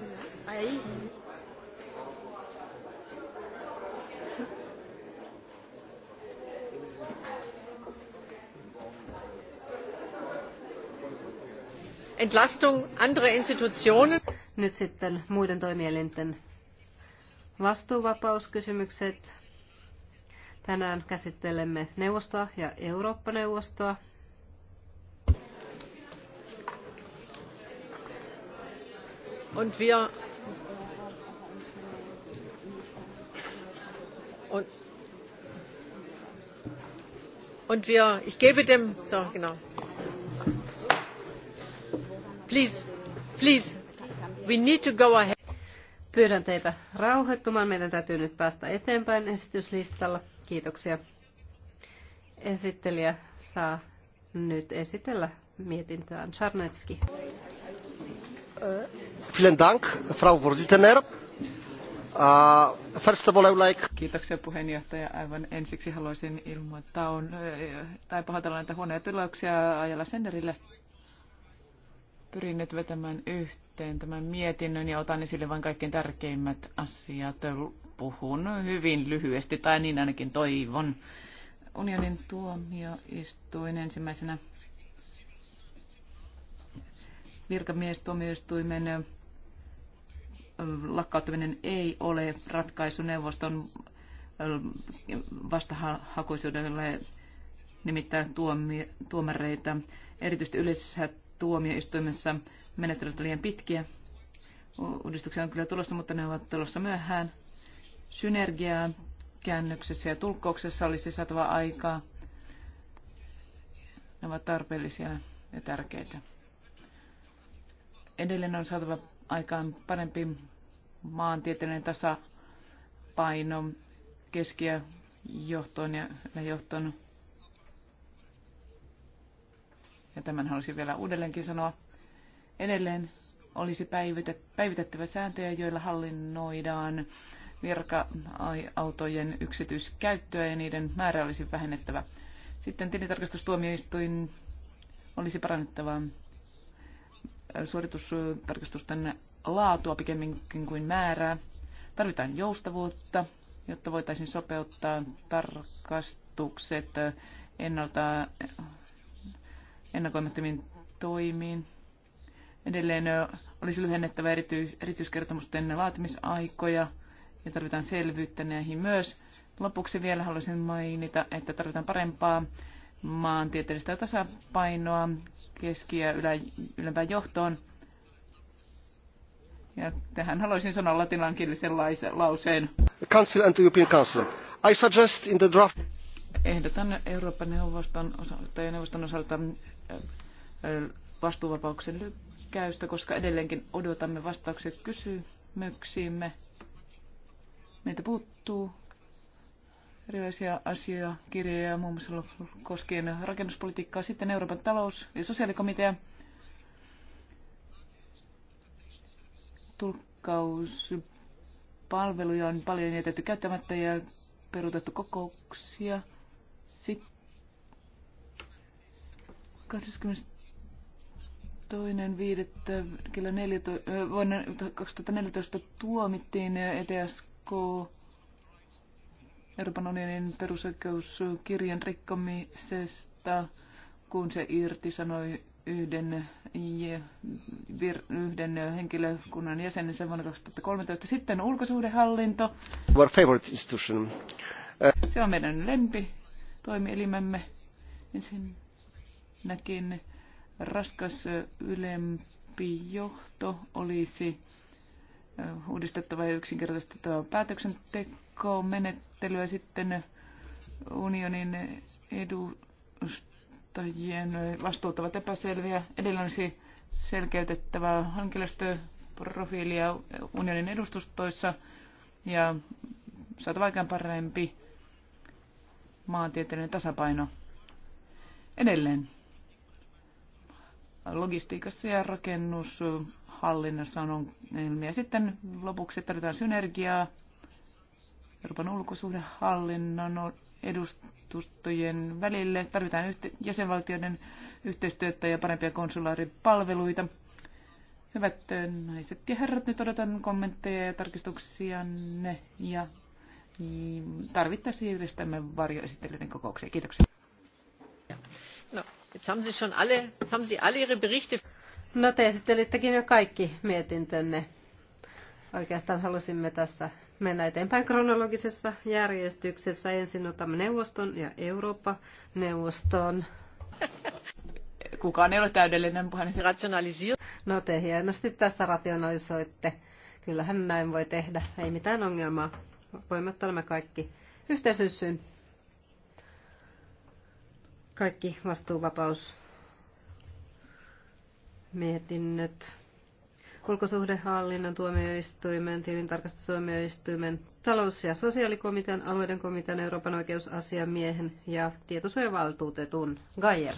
entlastung anderer institutionen nyt sitten muiden toimielinten vastuuvapauskysymykset. Tänään käsittelemme neuvostoa ja Eurooppa-neuvostoa. Und wir und, wir ich gebe dem so genau. Please, please, we need to go ahead. Pyydän teitä rauhoittumaan. Meidän täytyy nyt päästä eteenpäin esityslistalla. Kiitoksia. Esittelijä saa nyt esitellä mietintöään. Charnetski. Uh, Kiitoksia puheenjohtaja. Aivan ensiksi haluaisin ilmoittaa on, eh, tai pahoitella näitä huonoja tuloksia ajalla senderille. Pyrin nyt vetämään yhteen tämän mietinnön ja otan esille vain kaikkein tärkeimmät asiat. Puhun hyvin lyhyesti, tai niin ainakin toivon. Unionin tuomioistuin ensimmäisenä virkamiestuomioistuimen lakkauttaminen ei ole ratkaisu neuvoston äh, vastahakoisuudelle nimittäin tuomareita. Erityisesti yleisessä tuomioistuimessa menettelyt liian pitkiä. Uudistuksia on kyllä tulossa, mutta ne ovat tulossa myöhään. Synergiaa käännöksessä ja tulkkauksessa olisi saatava aikaa. Ne ovat tarpeellisia ja tärkeitä. Edelleen on saatava aikaan parempi maantieteellinen tasapaino keskiä johtoon ja yläjohtoon. Ja tämän halusin vielä uudelleenkin sanoa. Edelleen olisi päivitettävä sääntöjä, joilla hallinnoidaan virka-autojen yksityiskäyttöä ja niiden määrä olisi vähennettävä. Sitten tilintarkastustuomioistuin olisi parannettava suoritustarkastusten laatua pikemminkin kuin määrää. Tarvitaan joustavuutta, jotta voitaisiin sopeuttaa tarkastukset ennalta ennakoimattomiin toimiin. Edelleen olisi lyhennettävä erity, erityiskertomusten laatimisaikoja ja tarvitaan selvyyttä näihin myös. Lopuksi vielä haluaisin mainita, että tarvitaan parempaa maantieteellistä tasapainoa keski- ja ylä, ylempään johtoon. Ja tähän haluaisin sanoa latinankielisen lauseen. Council and European Council. I suggest in the draft... Ehdotan Euroopan neuvoston osalta neuvoston osalta vastuuvapauksen lykkäystä, koska edelleenkin odotamme vastauksia kysymyksiimme. Meiltä puuttuu erilaisia kirjoja, muun muassa koskien rakennuspolitiikkaa, sitten Euroopan talous- ja sosiaalikomitea, tulkkauspalveluja on paljon jätetty käyttämättä ja peruutettu kokouksia. Sitten 22.5. kello 14, vuonna 2014 tuomittiin ETSK Euroopan unionin perusoikeuskirjan rikkomisesta, kun se irtisanoi yhden, yhden henkilökunnan jäsenensä vuonna 2013. Sitten ulkosuhdehallinto. Our favorite institution. Se on meidän lempi toimielimemme. Ensinnäkin raskas ylempi johto olisi uudistettava ja yksinkertaistettava päätöksenteko menet käsittelyä sitten unionin edustajien vastuut ovat epäselviä. Edellä olisi selkeytettävää henkilöstöprofiilia unionin edustustoissa ja saatava aikaan parempi maantieteellinen tasapaino. Edelleen logistiikassa ja rakennushallinnassa on ongelmia. Sitten lopuksi tarvitaan synergiaa Euroopan ulkosuhdehallinnon edustustojen välille. Tarvitaan yhte- jäsenvaltioiden yhteistyötä ja parempia konsulaaripalveluita. Hyvät naiset ja herrat, nyt odotan kommentteja ja ne ja tarvittaessa järjestämme varjoesittelyiden kokoukseen. Kiitoksia. No, jetzt haben Sie schon alle, jetzt haben Sie alle Ihre Berichte. No te esittelittekin jo kaikki mietintönne. Oikeastaan halusimme tässä mennä eteenpäin kronologisessa järjestyksessä. Ensin otamme neuvoston ja Eurooppa-neuvoston. Kukaan ei ole täydellinen puheen. No te hienosti tässä rationalisoitte. Kyllähän näin voi tehdä. Ei mitään ongelmaa. Voimatta olemme kaikki yhteisyssyn. Kaikki vastuuvapaus Mietin nyt ulkosuhdehallinnon tuomioistuimen, tilintarkastustuomioistuimen, talous- ja sosiaalikomitean, alueiden komitean, Euroopan oikeusasiamiehen ja tietosuojavaltuutetun Gajer.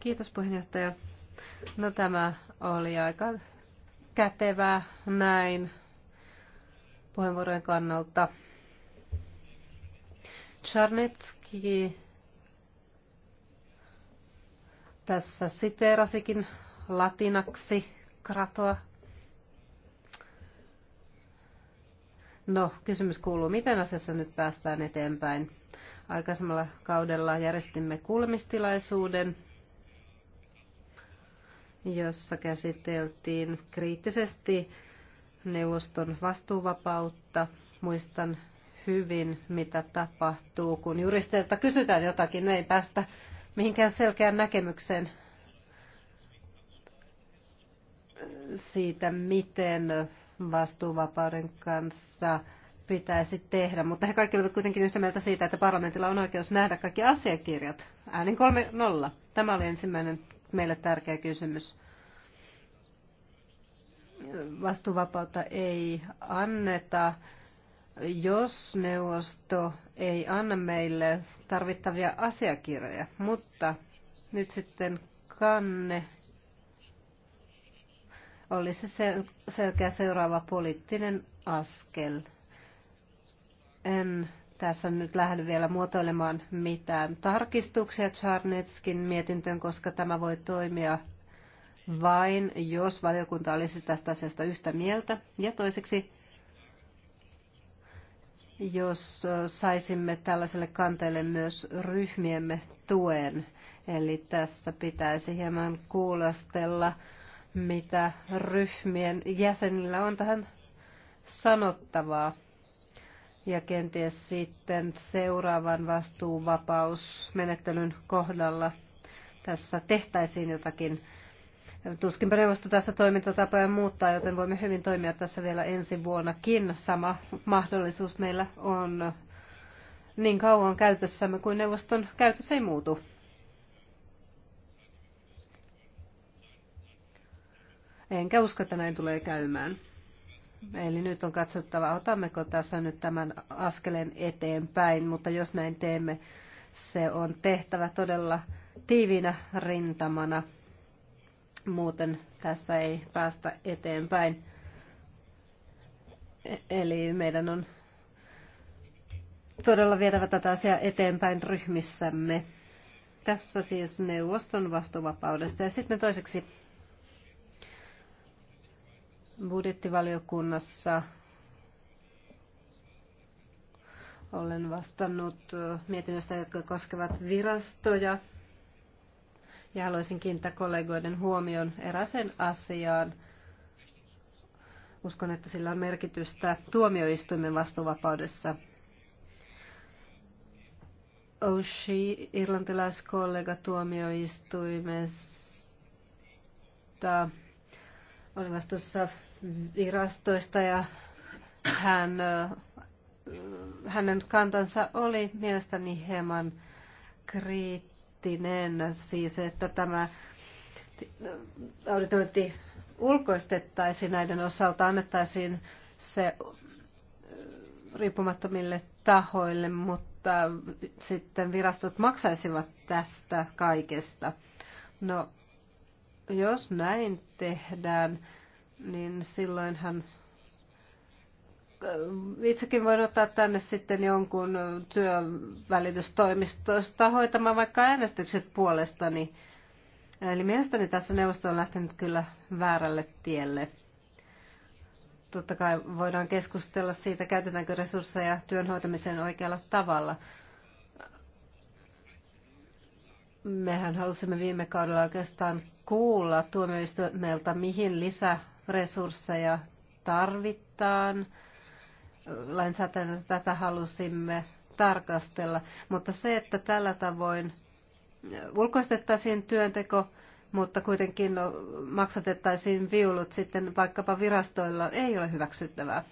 Kiitos puheenjohtaja. No tämä oli aika kätevä näin puheenvuorojen kannalta. Charnetski tässä siteerasikin latinaksi kratoa. No, kysymys kuuluu, miten asiassa nyt päästään eteenpäin? Aikaisemmalla kaudella järjestimme kuulemistilaisuuden, jossa käsiteltiin kriittisesti neuvoston vastuuvapautta. Muistan hyvin, mitä tapahtuu, kun juristeilta kysytään jotakin, no ei päästä mihinkään selkeään näkemykseen siitä, miten vastuuvapauden kanssa pitäisi tehdä, mutta he kaikki olivat kuitenkin yhtä mieltä siitä, että parlamentilla on oikeus nähdä kaikki asiakirjat. Äänin 3-0. Tämä oli ensimmäinen meille tärkeä kysymys. Vastuuvapautta ei anneta, jos neuvosto ei anna meille tarvittavia asiakirjoja, mutta nyt sitten kanne olisi se selkeä seuraava poliittinen askel. En tässä nyt lähde vielä muotoilemaan mitään tarkistuksia Charnetskin mietintöön, koska tämä voi toimia vain, jos valiokunta olisi tästä asiasta yhtä mieltä. Ja toiseksi, jos saisimme tällaiselle kanteelle myös ryhmiemme tuen. Eli tässä pitäisi hieman kuulostella mitä ryhmien jäsenillä on tähän sanottavaa. Ja kenties sitten seuraavan vastuuvapausmenettelyn kohdalla tässä tehtäisiin jotakin. Tuskinpä neuvosto tässä toimintatapoja muuttaa, joten voimme hyvin toimia tässä vielä ensi vuonnakin. Sama mahdollisuus meillä on niin kauan käytössämme kuin neuvoston käytös ei muutu. Enkä usko, että näin tulee käymään. Eli nyt on katsottava, otammeko tässä nyt tämän askeleen eteenpäin, mutta jos näin teemme, se on tehtävä todella tiivinä rintamana. Muuten tässä ei päästä eteenpäin. E- eli meidän on todella vietävä tätä asiaa eteenpäin ryhmissämme. Tässä siis neuvoston vastuvapaudesta. Ja sitten toiseksi budjettivaliokunnassa olen vastannut mietinnöstä, jotka koskevat virastoja. Ja haluaisin kiinnittää kollegoiden huomion eräseen asiaan. Uskon, että sillä on merkitystä tuomioistuimen vastuuvapaudessa. Oshi, irlantilaiskollega tuomioistuimesta, oli vastuussa virastoista ja hän, hänen kantansa oli mielestäni hieman kriittinen, siis että tämä auditointi ulkoistettaisiin näiden osalta, annettaisiin se riippumattomille tahoille, mutta sitten virastot maksaisivat tästä kaikesta. No, jos näin tehdään, niin silloin hän itsekin voin ottaa tänne sitten jonkun työvälitystoimistosta hoitamaan vaikka äänestykset puolestani. Eli mielestäni tässä neuvosto on lähtenyt kyllä väärälle tielle. Totta kai voidaan keskustella siitä, käytetäänkö resursseja työn hoitamiseen oikealla tavalla. Mehän halusimme viime kaudella oikeastaan kuulla tuomioistuimelta, mihin lisä resursseja tarvitaan. Lainsäätäjänä tätä halusimme tarkastella, mutta se, että tällä tavoin ulkoistettaisiin työnteko, mutta kuitenkin maksatettaisiin viulut sitten vaikkapa virastoilla, ei ole hyväksyttävää.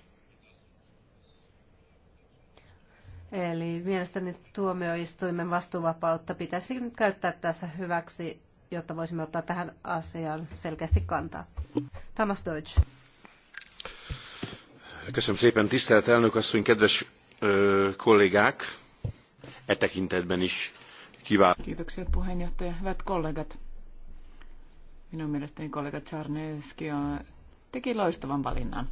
Eli mielestäni tuomioistuimen vastuuvapautta pitäisi käyttää tässä hyväksi jotta voisimme ottaa tähän asiaan selkeästi kantaa. Thomas Deutsch. Köszönöm szépen, tisztelt elnök asszony, kedves ö, kollégák! E tekintetben is kivál. Kiitoksia puheenjohtaja. Hyvät kollegat. Minun mielestäni kollega Czarneski teki loistavan valinnan.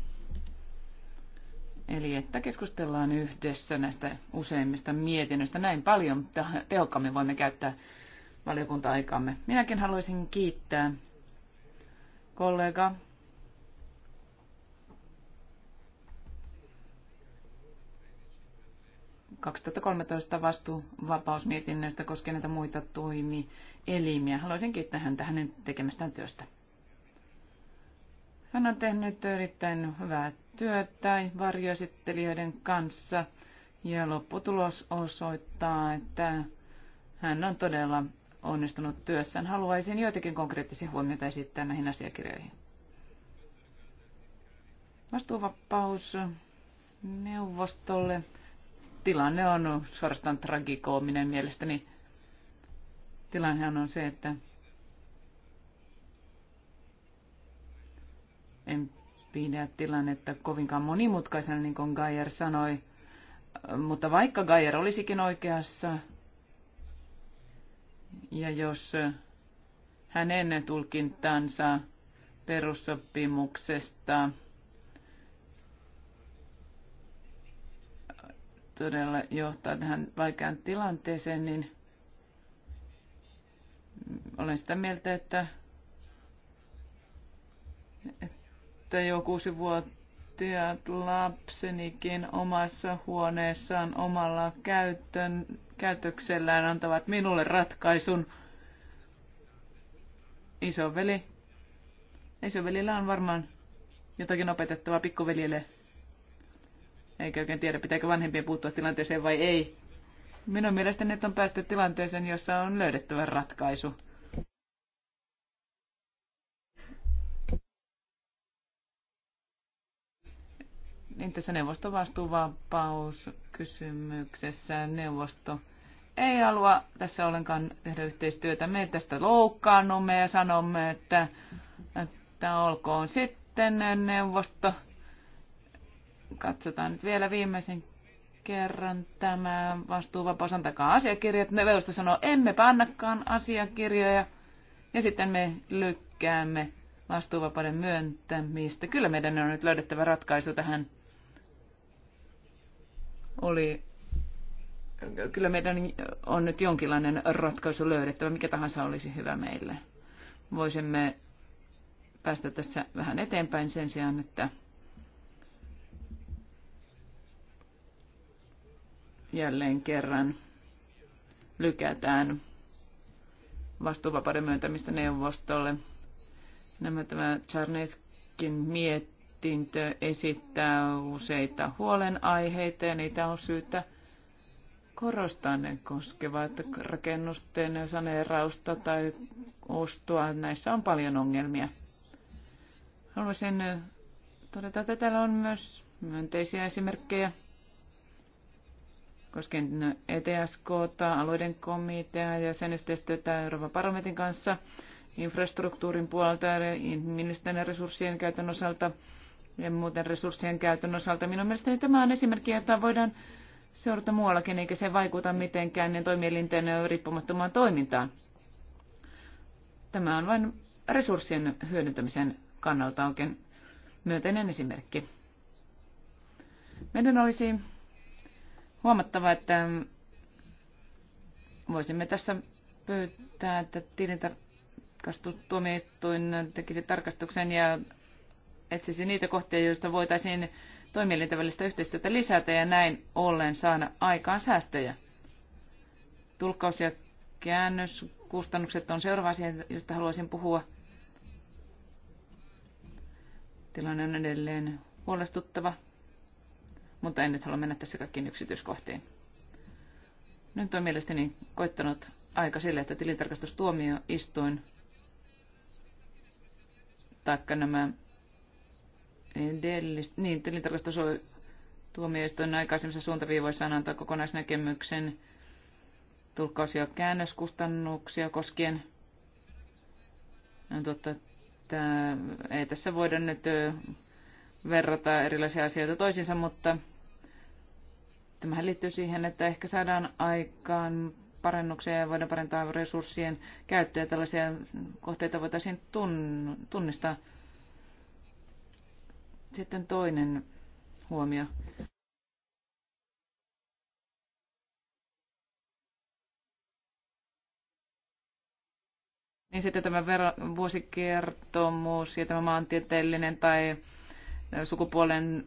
Eli että keskustellaan yhdessä näistä useimmista mietinnöistä. Näin paljon tehokkaammin voimme käyttää valiokunta-aikaamme. Minäkin haluaisin kiittää kollega ...2013 vastuuvapausmietinnöstä koskien näitä muita toimielimiä. Haluaisin kiittää häntä hänen tekemästään työstä. Hän on tehnyt erittäin hyvää työtä varjoesittelijöiden kanssa ja lopputulos osoittaa, että hän on todella onnistunut työssään. Haluaisin joitakin konkreettisia huomioita esittää näihin asiakirjoihin. Vastuuvapaus neuvostolle. Tilanne on suorastaan tragikoominen mielestäni. Tilanne on se, että en pidä tilannetta kovinkaan monimutkaisena, niin kuin Geyer sanoi. Mutta vaikka Geyer olisikin oikeassa, ja jos hänen tulkintansa perussopimuksesta todella johtaa tähän vaikean tilanteeseen, niin olen sitä mieltä, että, että jo kuusivuotiaat lapsenikin omassa huoneessaan omalla käyttöön käytöksellään antavat minulle ratkaisun. Isoveli. Isovelillä on varmaan jotakin opetettavaa pikkuveljelle. Eikä oikein tiedä, pitääkö vanhempien puuttua tilanteeseen vai ei. Minun mielestäni nyt on päästy tilanteeseen, jossa on löydettävä ratkaisu. Entäs niin neuvostovastuuvapaus? kysymyksessä neuvosto ei halua tässä ollenkaan tehdä yhteistyötä. Me tästä loukkaannumme ja sanomme, että, että olkoon sitten neuvosto. Katsotaan nyt vielä viimeisen kerran tämä vastuuvapaus. Antakaa asiakirjat. Neuvosto sanoo, emme pannakaan asiakirjoja. Ja sitten me lykkäämme vastuuvapauden myöntämistä. Kyllä meidän on nyt löydettävä ratkaisu tähän oli kyllä meidän on nyt jonkinlainen ratkaisu löydettävä, mikä tahansa olisi hyvä meille. Voisimme päästä tässä vähän eteenpäin sen sijaan, että jälleen kerran lykätään vastuuvapauden myöntämistä neuvostolle. Nämä tämä Charneskin miettii mietintö esittää useita huolenaiheita ja niitä on syytä korostaa. Ne koskevat rakennusten saneerausta tai ostoa. Näissä on paljon ongelmia. Haluaisin todeta, että täällä on myös myönteisiä esimerkkejä koskien ETSK, alueiden komitea ja sen yhteistyötä Euroopan parlamentin kanssa infrastruktuurin puolelta ja ihmisten ja resurssien käytön osalta ja muuten resurssien käytön osalta. Minun mielestäni tämä on esimerkki, jota voidaan seurata muuallakin, eikä se vaikuta mitenkään niin toimielinten riippumattomaan toimintaan. Tämä on vain resurssien hyödyntämisen kannalta oikein myönteinen esimerkki. Meidän olisi huomattava, että voisimme tässä pyytää, että tilintarkastustuomioistuin tekisi tarkastuksen ja etsisi niitä kohtia, joista voitaisiin toimielinten välistä yhteistyötä lisätä ja näin ollen saada aikaan säästöjä. Tulkkaus- ja käännöskustannukset on seuraava asia, josta haluaisin puhua. Tilanne on edelleen huolestuttava, mutta en nyt halua mennä tässä kaikkiin yksityiskohtiin. Nyt on mielestäni koittanut aika sille, että tilintarkastustuomioistuin taikka nämä edellist, niin tilintarkastustuomioistuin aikaisemmissa suuntaviivoissa antaa kokonaisnäkemyksen tulkkaus- ja käännöskustannuksia koskien. On totta, että ei tässä voida nyt verrata erilaisia asioita toisiinsa, mutta tämähän liittyy siihen, että ehkä saadaan aikaan parannuksia ja voidaan parantaa resurssien käyttöä. Tällaisia kohteita voitaisiin tunnistaa. Sitten toinen huomio. Niin sitten tämä vero- vuosikertomus ja tämä maantieteellinen tai sukupuolen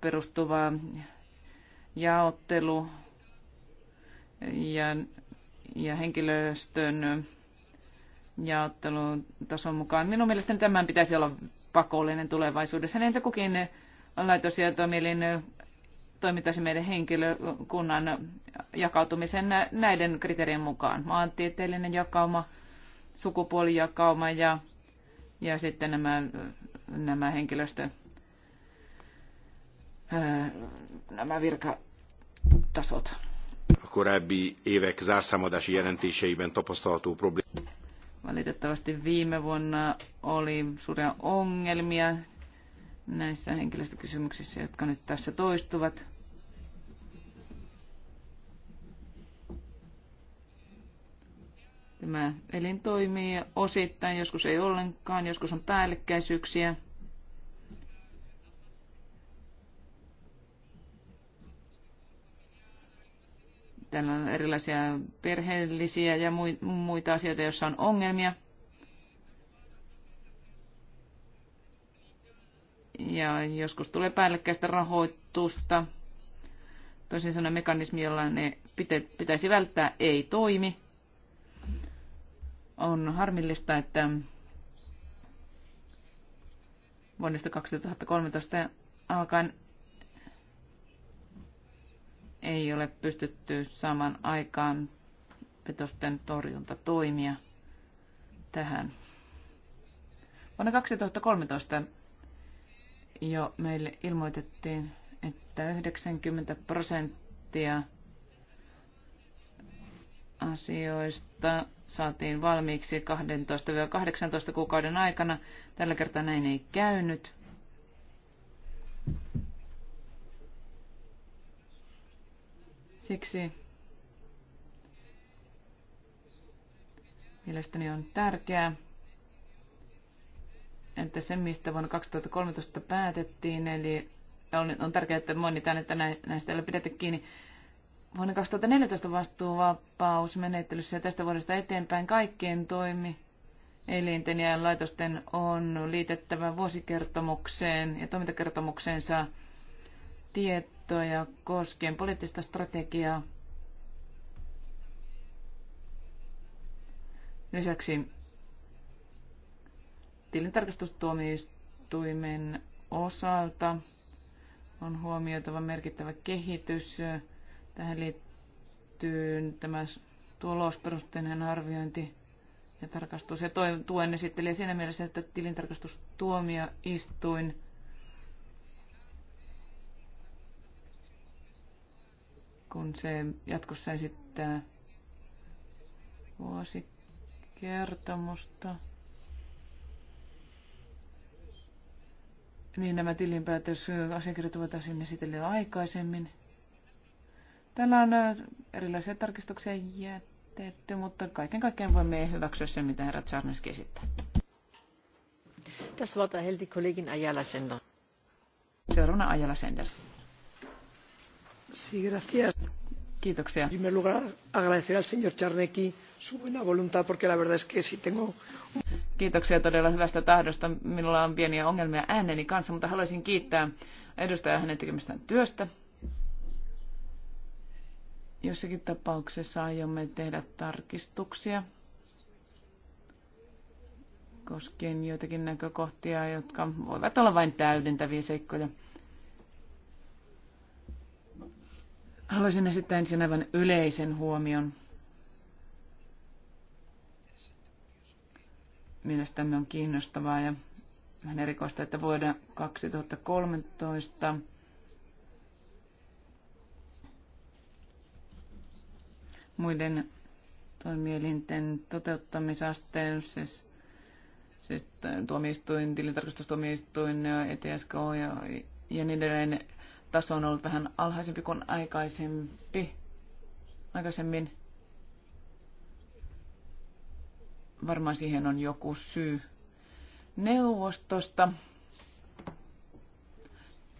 perustuva jaottelu ja, ja henkilöstön jaottelun tason mukaan. Minun mielestäni tämän pitäisi olla pakollinen tulevaisuudessa, niin että kukin laitos ja toimielin toimittaisi meidän henkilökunnan jakautumisen näiden kriteerien mukaan. Maantieteellinen jakauma, sukupuolijakauma ja, ja sitten nämä, nämä henkilöstö, nämä virkatasot. Akkor ebbi évek zárszámadási jelentéseiben tapasztalható probléma. Valitettavasti viime vuonna oli suuria ongelmia näissä henkilöstökysymyksissä, jotka nyt tässä toistuvat. Tämä elin toimii osittain, joskus ei ollenkaan, joskus on päällekkäisyyksiä. Täällä on erilaisia perheellisiä ja muita asioita, joissa on ongelmia. Ja joskus tulee päällekkäistä rahoitusta. Toisin sanoen mekanismi, jolla ne pitäisi välttää, ei toimi. On harmillista, että vuodesta 2013 alkaen ei ole pystytty saamaan aikaan petosten torjuntatoimia tähän. Vuonna 2013 jo meille ilmoitettiin, että 90 prosenttia asioista saatiin valmiiksi 12-18 kuukauden aikana. Tällä kertaa näin ei käynyt. Siksi mielestäni on tärkeää, että se, mistä vuonna 2013 päätettiin, eli on, on tärkeää, että mainitaan, että näistä ei ole pidetty kiinni. Vuonna 2014 vastuuvapausmenettelyssä ja tästä vuodesta eteenpäin kaikkien toimi elinten ja laitosten on liitettävä vuosikertomukseen ja toimintakertomukseensa tiet, ja koskien poliittista strategiaa. Lisäksi tilintarkastustuomioistuimen osalta on huomioitava merkittävä kehitys. Tähän liittyy tämä tulosperusteinen arviointi ja tarkastus. Ja tuen esittelijä siinä mielessä, että tilintarkastustuomioistuin kun se jatkossa esittää vuosikertomusta. Niin nämä tilinpäätösasiakirjat voitaisiin esitellä jo aikaisemmin. Täällä on äh, erilaisia tarkistuksia jätetty, mutta kaiken kaikkiaan voimme hyväksyä sen, mitä herra Tsarneski esittää. Tässä vuotta helti Kollegin Ajala Sender. Seuraavana Ajala Sender. Sí, Kiitoksia. primer lugar agradecer al señor Czarnecki su buena voluntad porque la verdad es que si tengo... Kiitoksia todella hyvästä tahdosta. Minulla on pieniä ongelmia ääneni kanssa, mutta haluaisin kiittää edustajaa hänen tekemästään työstä. Jossakin tapauksessa aiomme tehdä tarkistuksia koskien joitakin näkökohtia, jotka voivat olla vain täydentäviä seikkoja. Haluaisin esittää ensin aivan yleisen huomion. Mielestämme on kiinnostavaa ja vähän erikoista, että vuoden 2013 muiden toimielinten toteuttamisasteen, siis, siis tuomioistuin, tilintarkastustuomioistuin, ETSK ja, ja niin edelleen taso on ollut vähän alhaisempi kuin aikaisempi, aikaisemmin. Varmaan siihen on joku syy neuvostosta.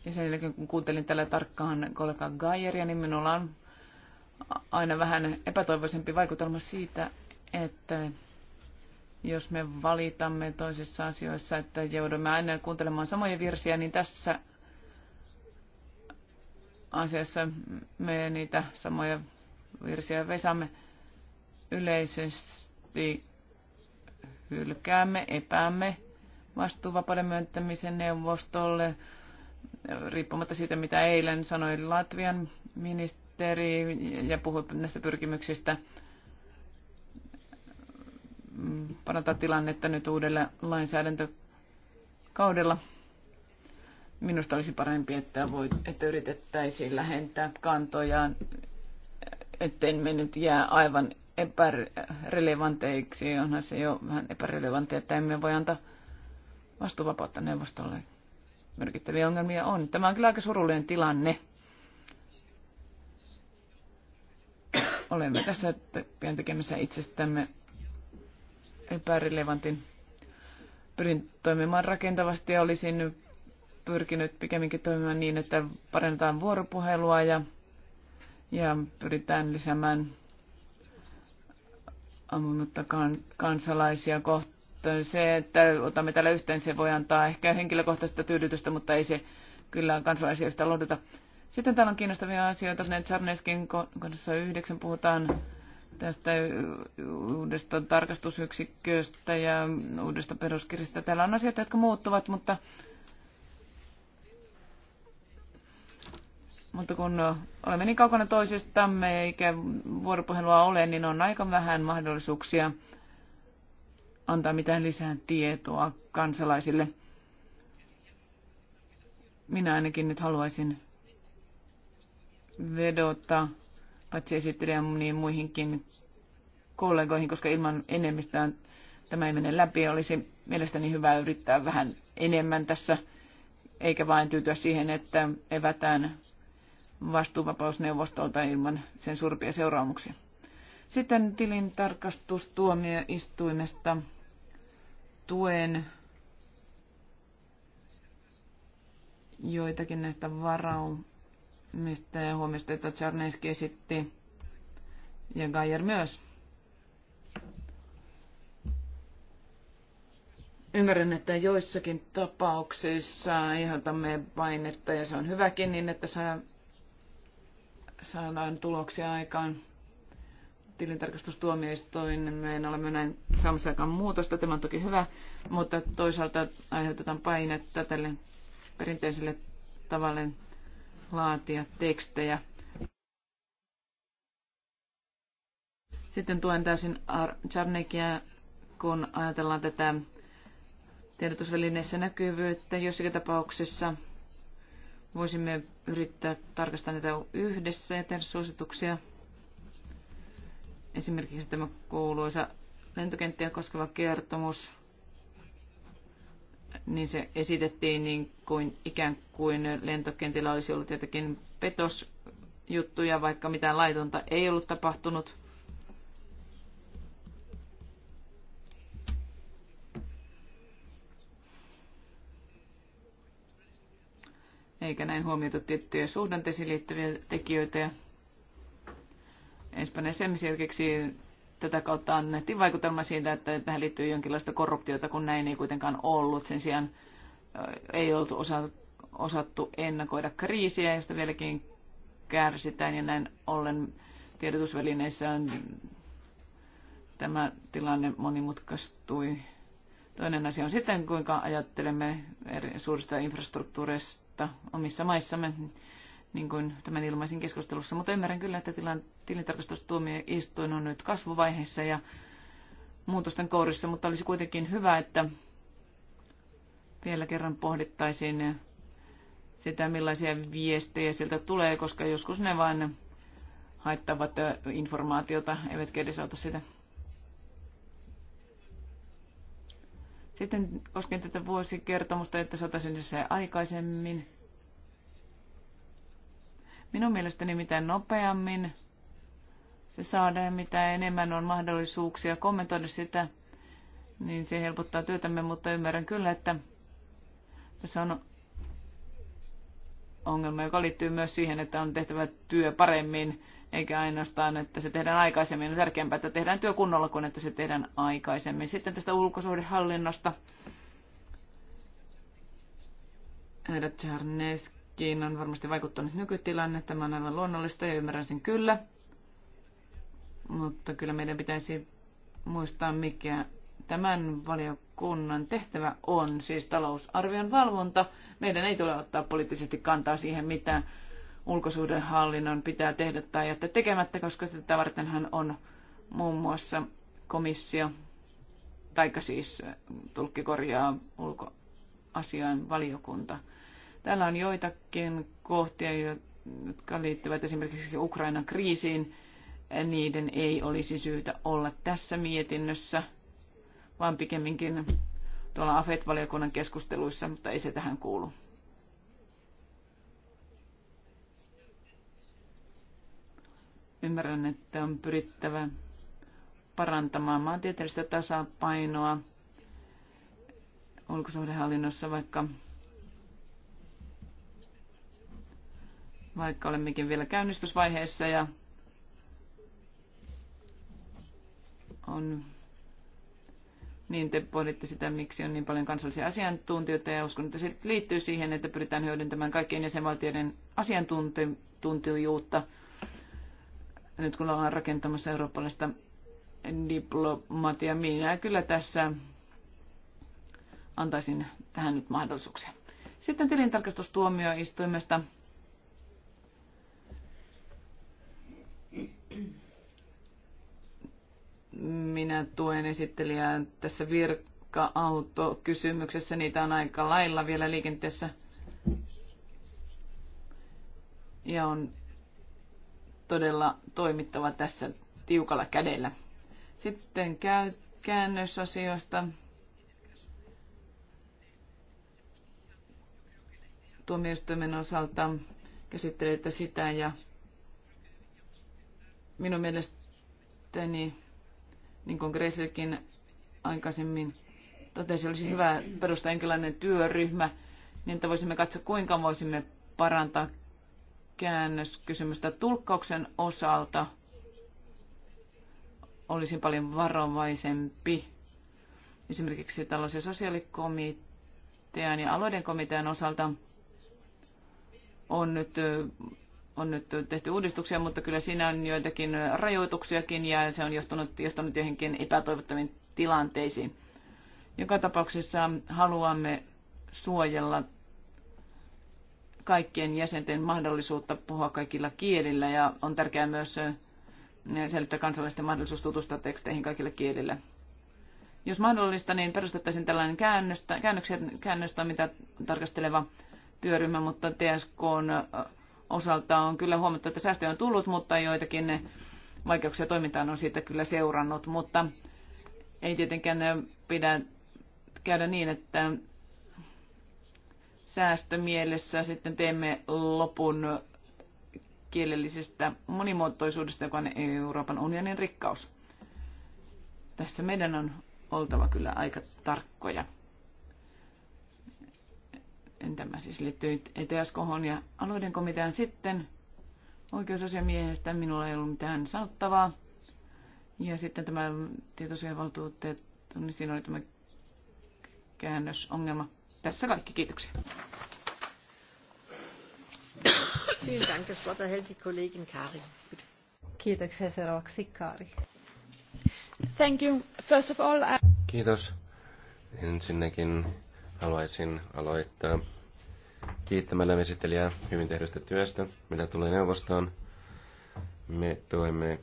Ja sen jälkeen kun kuuntelin tällä tarkkaan kollega Gajeria, niin minulla on aina vähän epätoivoisempi vaikutelma siitä, että jos me valitamme toisissa asioissa, että joudumme aina kuuntelemaan samoja virsiä, niin tässä asiassa me niitä samoja virsiä vesamme yleisesti hylkäämme, epäämme vastuuvapauden myöntämisen neuvostolle, riippumatta siitä, mitä eilen sanoi Latvian ministeri ja puhui näistä pyrkimyksistä parantaa tilannetta nyt uudella lainsäädäntökaudella. Minusta olisi parempi, että, voit, että yritettäisiin lähentää kantojaan, ettei me nyt jää aivan epärelevanteiksi. Onhan se jo vähän epärelevantia, että emme voi antaa vastuuvapautta neuvostolle. Merkittäviä ongelmia on. Tämä on kyllä aika surullinen tilanne. Olemme tässä pian tekemässä itsestämme epärelevantin. Pyrin toimimaan rakentavasti ja olisin pyrkinyt pikemminkin toimimaan niin, että parannetaan vuoropuhelua ja, ja pyritään lisäämään ammunutta kansalaisia kohtaan. Se, että otamme täällä yhteen, se voi antaa ehkä henkilökohtaista tyydytystä, mutta ei se kyllä kansalaisia yhtä lohduta. Sitten täällä on kiinnostavia asioita. Charneskin kohdassa yhdeksän puhutaan tästä uudesta tarkastusyksiköstä ja uudesta peruskirjasta. Täällä on asioita, jotka muuttuvat, mutta Mutta kun olemme niin kaukana toisistamme eikä vuoropuhelua ole, niin on aika vähän mahdollisuuksia antaa mitään lisää tietoa kansalaisille. Minä ainakin nyt haluaisin vedota paitsi esittelijä niin muihinkin kollegoihin, koska ilman enemmistään tämä ei mene läpi. Olisi mielestäni hyvä yrittää vähän enemmän tässä, eikä vain tyytyä siihen, että evätään vastuuvapausneuvostolta ilman sen surpia seuraamuksia. Sitten tilintarkastustuomioistuimesta tuen joitakin näistä varaumista ja huomista, joita Charneski esitti ja Geyer myös. Ymmärrän, että joissakin tapauksissa aiheutamme painetta ja se on hyväkin niin, että saa saadaan tuloksia aikaan. Tilintarkastustuomioistuin, me ole näin saamassa aikaan muutosta, tämä on toki hyvä, mutta toisaalta aiheutetaan painetta tälle perinteiselle tavalle laatia tekstejä. Sitten tuen täysin Charnekia, kun ajatellaan tätä tiedotusvälineessä näkyvyyttä. Jossakin tapauksessa Voisimme yrittää tarkastaa näitä yhdessä ja tehdä suosituksia. Esimerkiksi tämä kuuluisa lentokenttiä koskeva kertomus, niin se esitettiin niin kuin ikään kuin lentokentillä olisi ollut jotakin petosjuttuja, vaikka mitään laitonta ei ollut tapahtunut. eikä näin huomioitu tiettyjä suhdanteisiin liittyviä tekijöitä. Espanjan esimerkiksi tätä kautta annettiin vaikutelma siitä, että tähän liittyy jonkinlaista korruptiota, kun näin ei kuitenkaan ollut. Sen sijaan ei oltu osa, osattu ennakoida kriisiä, josta vieläkin kärsitään, ja näin ollen tiedotusvälineissä tämä tilanne monimutkaistui. Toinen asia on sitten, kuinka ajattelemme eri suurista infrastruktuureista tilannetta omissa maissamme, niin kuin tämän ilmaisin keskustelussa. Mutta ymmärrän kyllä, että tilan, tilintarkastustuomioistuin on nyt kasvuvaiheessa ja muutosten kourissa, mutta olisi kuitenkin hyvä, että vielä kerran pohdittaisiin sitä, millaisia viestejä sieltä tulee, koska joskus ne vain haittavat informaatiota, eivätkä edesauta sitä. Sitten koskien tätä vuosikertomusta, että saataisiin se aikaisemmin. Minun mielestäni mitä nopeammin se saadaan mitä enemmän on mahdollisuuksia kommentoida sitä, niin se helpottaa työtämme, mutta ymmärrän kyllä, että tässä on ongelma, joka liittyy myös siihen, että on tehtävä työ paremmin eikä ainoastaan, että se tehdään aikaisemmin. On tärkeämpää, että tehdään työ kunnolla kuin että se tehdään aikaisemmin. Sitten tästä ulkosuhdehallinnosta. Herra Czarneskin on varmasti vaikuttanut nykytilanne. Tämä on aivan luonnollista ja ymmärrän sen kyllä. Mutta kyllä meidän pitäisi muistaa, mikä tämän valiokunnan tehtävä on, siis talousarvion valvonta. Meidän ei tule ottaa poliittisesti kantaa siihen, mitä ulkosuhdehallinnon pitää tehdä tai jättää tekemättä, koska sitä vartenhan on muun muassa komissio, taikka siis tulkki korjaa ulkoasian valiokunta. Täällä on joitakin kohtia, jotka liittyvät esimerkiksi Ukrainan kriisiin. Niiden ei olisi syytä olla tässä mietinnössä, vaan pikemminkin tuolla AFET-valiokunnan keskusteluissa, mutta ei se tähän kuulu. Ymmärrän, että on pyrittävä parantamaan maantieteellistä tasapainoa ulkosuhdehallinnossa, vaikka, vaikka olemmekin vielä käynnistysvaiheessa ja on niin te pohditte sitä, miksi on niin paljon kansallisia asiantuntijoita ja uskon, että se liittyy siihen, että pyritään hyödyntämään kaikkien jäsenvaltioiden asiantuntijuutta nyt kun ollaan rakentamassa eurooppalaista diplomatiaa, minä kyllä tässä antaisin tähän nyt mahdollisuuksia. Sitten tilintarkastustuomioistuimesta. Minä tuen esittelijää tässä virka-autokysymyksessä. Niitä on aika lailla vielä liikenteessä. Ja on todella toimittava tässä tiukalla kädellä. Sitten käännösasioista. Tuomioistuimen osalta käsittelette sitä ja minun mielestäni, niin kuin Greiselkin aikaisemmin totesi, olisi hyvä perustaa jonkinlainen työryhmä, niin että voisimme katsoa, kuinka voisimme parantaa käännöskysymystä tulkkauksen osalta. Olisin paljon varovaisempi esimerkiksi tällaisen sosiaalikomitean ja alueiden komitean osalta on nyt, on nyt tehty uudistuksia, mutta kyllä siinä on joitakin rajoituksiakin ja se on johtunut, johtanut joihinkin epätoivottaviin tilanteisiin. Joka tapauksessa haluamme suojella kaikkien jäsenten mahdollisuutta puhua kaikilla kielillä ja on tärkeää myös selvittää kansalaisten mahdollisuus tutustua teksteihin kaikilla kielillä. Jos mahdollista, niin perustettaisiin tällainen käännöstä, käännöksen, käännöstä, mitä tarkasteleva työryhmä, mutta TSK osalta on kyllä huomattu, että säästöjä on tullut, mutta joitakin vaikeuksia toimintaan on siitä kyllä seurannut, mutta ei tietenkään pidä käydä niin, että säästömielessä sitten teemme lopun kielellisestä monimuotoisuudesta, joka on Euroopan unionin rikkaus. Tässä meidän on oltava kyllä aika tarkkoja. Tämä siis liittyy ETSKhon ja alueiden komitean sitten oikeusasiamiehestä. Minulla ei ollut mitään sanottavaa. Ja sitten tämä tietosuojavaltuutettu, niin siinä oli tämä käännösongelma. Tässä kaikki. Kiitoksia. Kari. Kiitoksia seuraavaksi Kaari. Thank you. First of all, I... Kiitos. Ensinnäkin haluaisin aloittaa kiittämällä esittelijää hyvin tehdystä työstä, mitä tulee neuvostoon. Me tuemme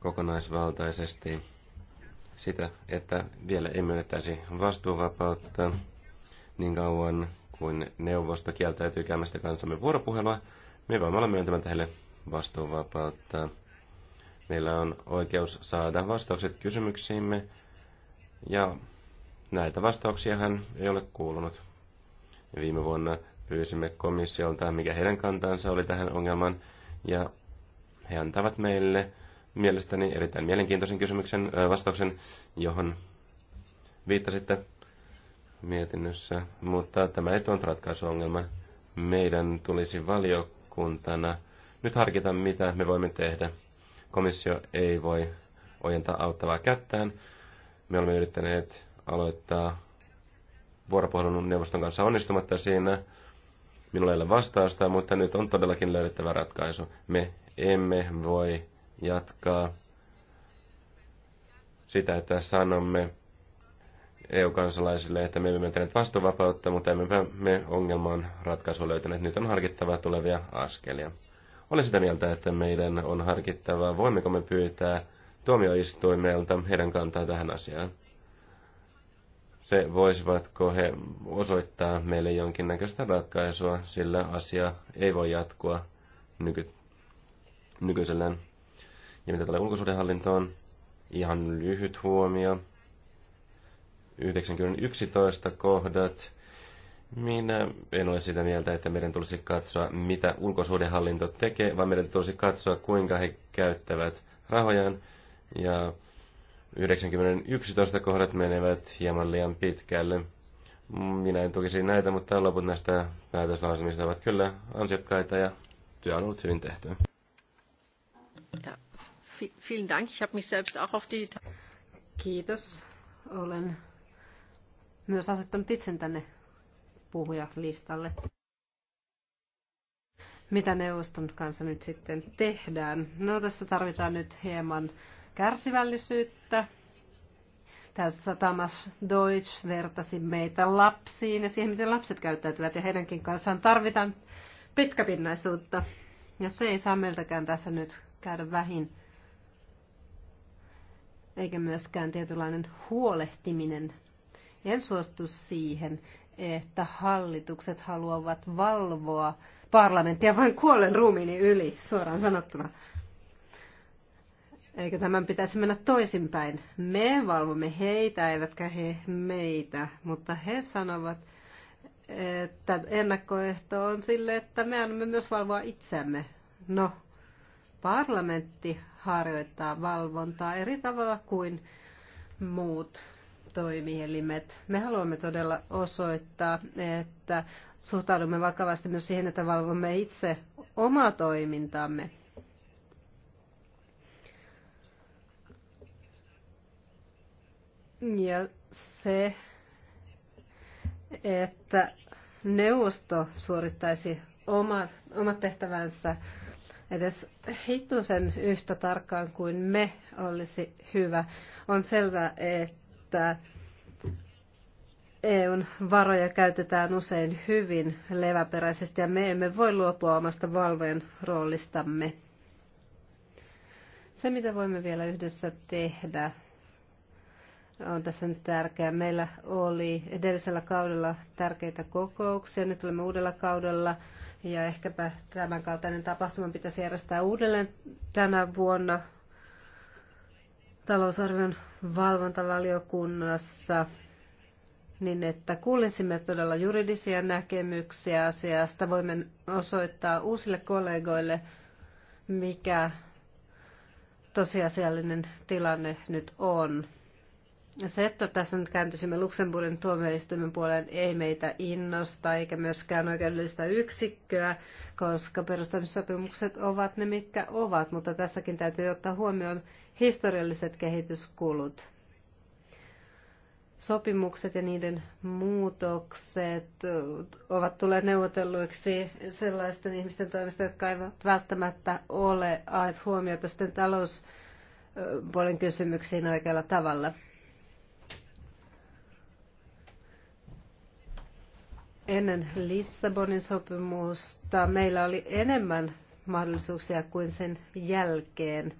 kokonaisvaltaisesti sitä, että vielä ei myönnettäisi vastuuvapautta niin kauan kuin neuvosto kieltäytyy käymästä kanssamme vuoropuhelua, me voimme olla myöntämättä heille vastuuvapautta. Meillä on oikeus saada vastaukset kysymyksiimme, ja näitä vastauksia hän ei ole kuulunut. Viime vuonna pyysimme komissiolta, mikä heidän kantansa oli tähän ongelmaan, ja he antavat meille mielestäni erittäin mielenkiintoisen kysymyksen, vastauksen, johon viittasitte mietinnössä, mutta tämä ei tuonut ratkaisuongelma. Meidän tulisi valiokuntana nyt harkita, mitä me voimme tehdä. Komissio ei voi ojentaa auttavaa kättään. Me olemme yrittäneet aloittaa vuoropuhelun neuvoston kanssa onnistumatta siinä. Minulla ei ole vastausta, mutta nyt on todellakin löydettävä ratkaisu. Me emme voi jatkaa sitä, että sanomme EU-kansalaisille, että me emme myöntäneet vastuuvapautta, mutta emme me ongelmaan ratkaisua löytäneet. Nyt on harkittava tulevia askelia. Olen sitä mieltä, että meidän on harkittava, voimmeko me pyytää tuomioistuimelta heidän kantaa tähän asiaan. Se voisivatko he osoittaa meille jonkinnäköistä ratkaisua, sillä asia ei voi jatkua nyky- nykyisellään. Ja mitä tulee ulkosuhdehallintoon, ihan lyhyt huomio 90.11 kohdat. Minä en ole sitä mieltä, että meidän tulisi katsoa, mitä ulkosuhdehallinto tekee, vaan meidän tulisi katsoa, kuinka he käyttävät rahojaan. Ja 90.11 kohdat menevät hieman liian pitkälle. Minä en tukisi näitä, mutta loput näistä päätöslausumista ovat kyllä ansiokkaita ja työ on ollut hyvin tehty. Ja, vielen Dank. Ich habe mich selbst auch auf die... Kiitos. Olen myös asettanut itsen tänne puhujalistalle. Mitä neuvoston kanssa nyt sitten tehdään? No tässä tarvitaan nyt hieman kärsivällisyyttä. Tässä Thomas Deutsch vertasi meitä lapsiin ja siihen, miten lapset käyttäytyvät ja heidänkin kanssaan tarvitaan pitkäpinnaisuutta. Ja se ei saa meiltäkään tässä nyt käydä vähin. Eikä myöskään tietynlainen huolehtiminen en suostu siihen, että hallitukset haluavat valvoa parlamenttia vain kuolen ruumiini yli, suoraan sanottuna. Eikö tämän pitäisi mennä toisinpäin? Me valvomme heitä, eivätkä he meitä, mutta he sanovat, että ennakkoehto on sille, että me annamme myös valvoa itseämme. No, parlamentti harjoittaa valvontaa eri tavalla kuin muut toimielimet. Me haluamme todella osoittaa, että suhtaudumme vakavasti myös siihen, että valvomme itse omaa toimintamme. Ja se, että neuvosto suorittaisi omat, omat tehtävänsä edes hitusen yhtä tarkkaan kuin me olisi hyvä. On selvää, että että EUn varoja käytetään usein hyvin leväperäisesti ja me emme voi luopua omasta valvojen roolistamme. Se, mitä voimme vielä yhdessä tehdä, on tässä nyt tärkeää. Meillä oli edellisellä kaudella tärkeitä kokouksia, nyt olemme uudella kaudella ja ehkäpä tämän tapahtuma pitäisi järjestää uudelleen tänä vuonna talousarvion valvontavaliokunnassa niin, että kuulisimme todella juridisia näkemyksiä asiasta. Voimme osoittaa uusille kollegoille, mikä tosiasiallinen tilanne nyt on. Se, että tässä nyt kääntyisimme Luxemburgin tuomioistuimen puoleen, ei meitä innosta eikä myöskään oikeudellista yksikköä, koska perustamissopimukset ovat ne, mitkä ovat, mutta tässäkin täytyy ottaa huomioon historialliset kehityskulut. Sopimukset ja niiden muutokset ovat tulleet neuvotelluiksi sellaisten ihmisten toimesta, jotka eivät välttämättä ole aiheet huomiota sitten talouspuolen kysymyksiin oikealla tavalla. ennen Lissabonin sopimusta meillä oli enemmän mahdollisuuksia kuin sen jälkeen.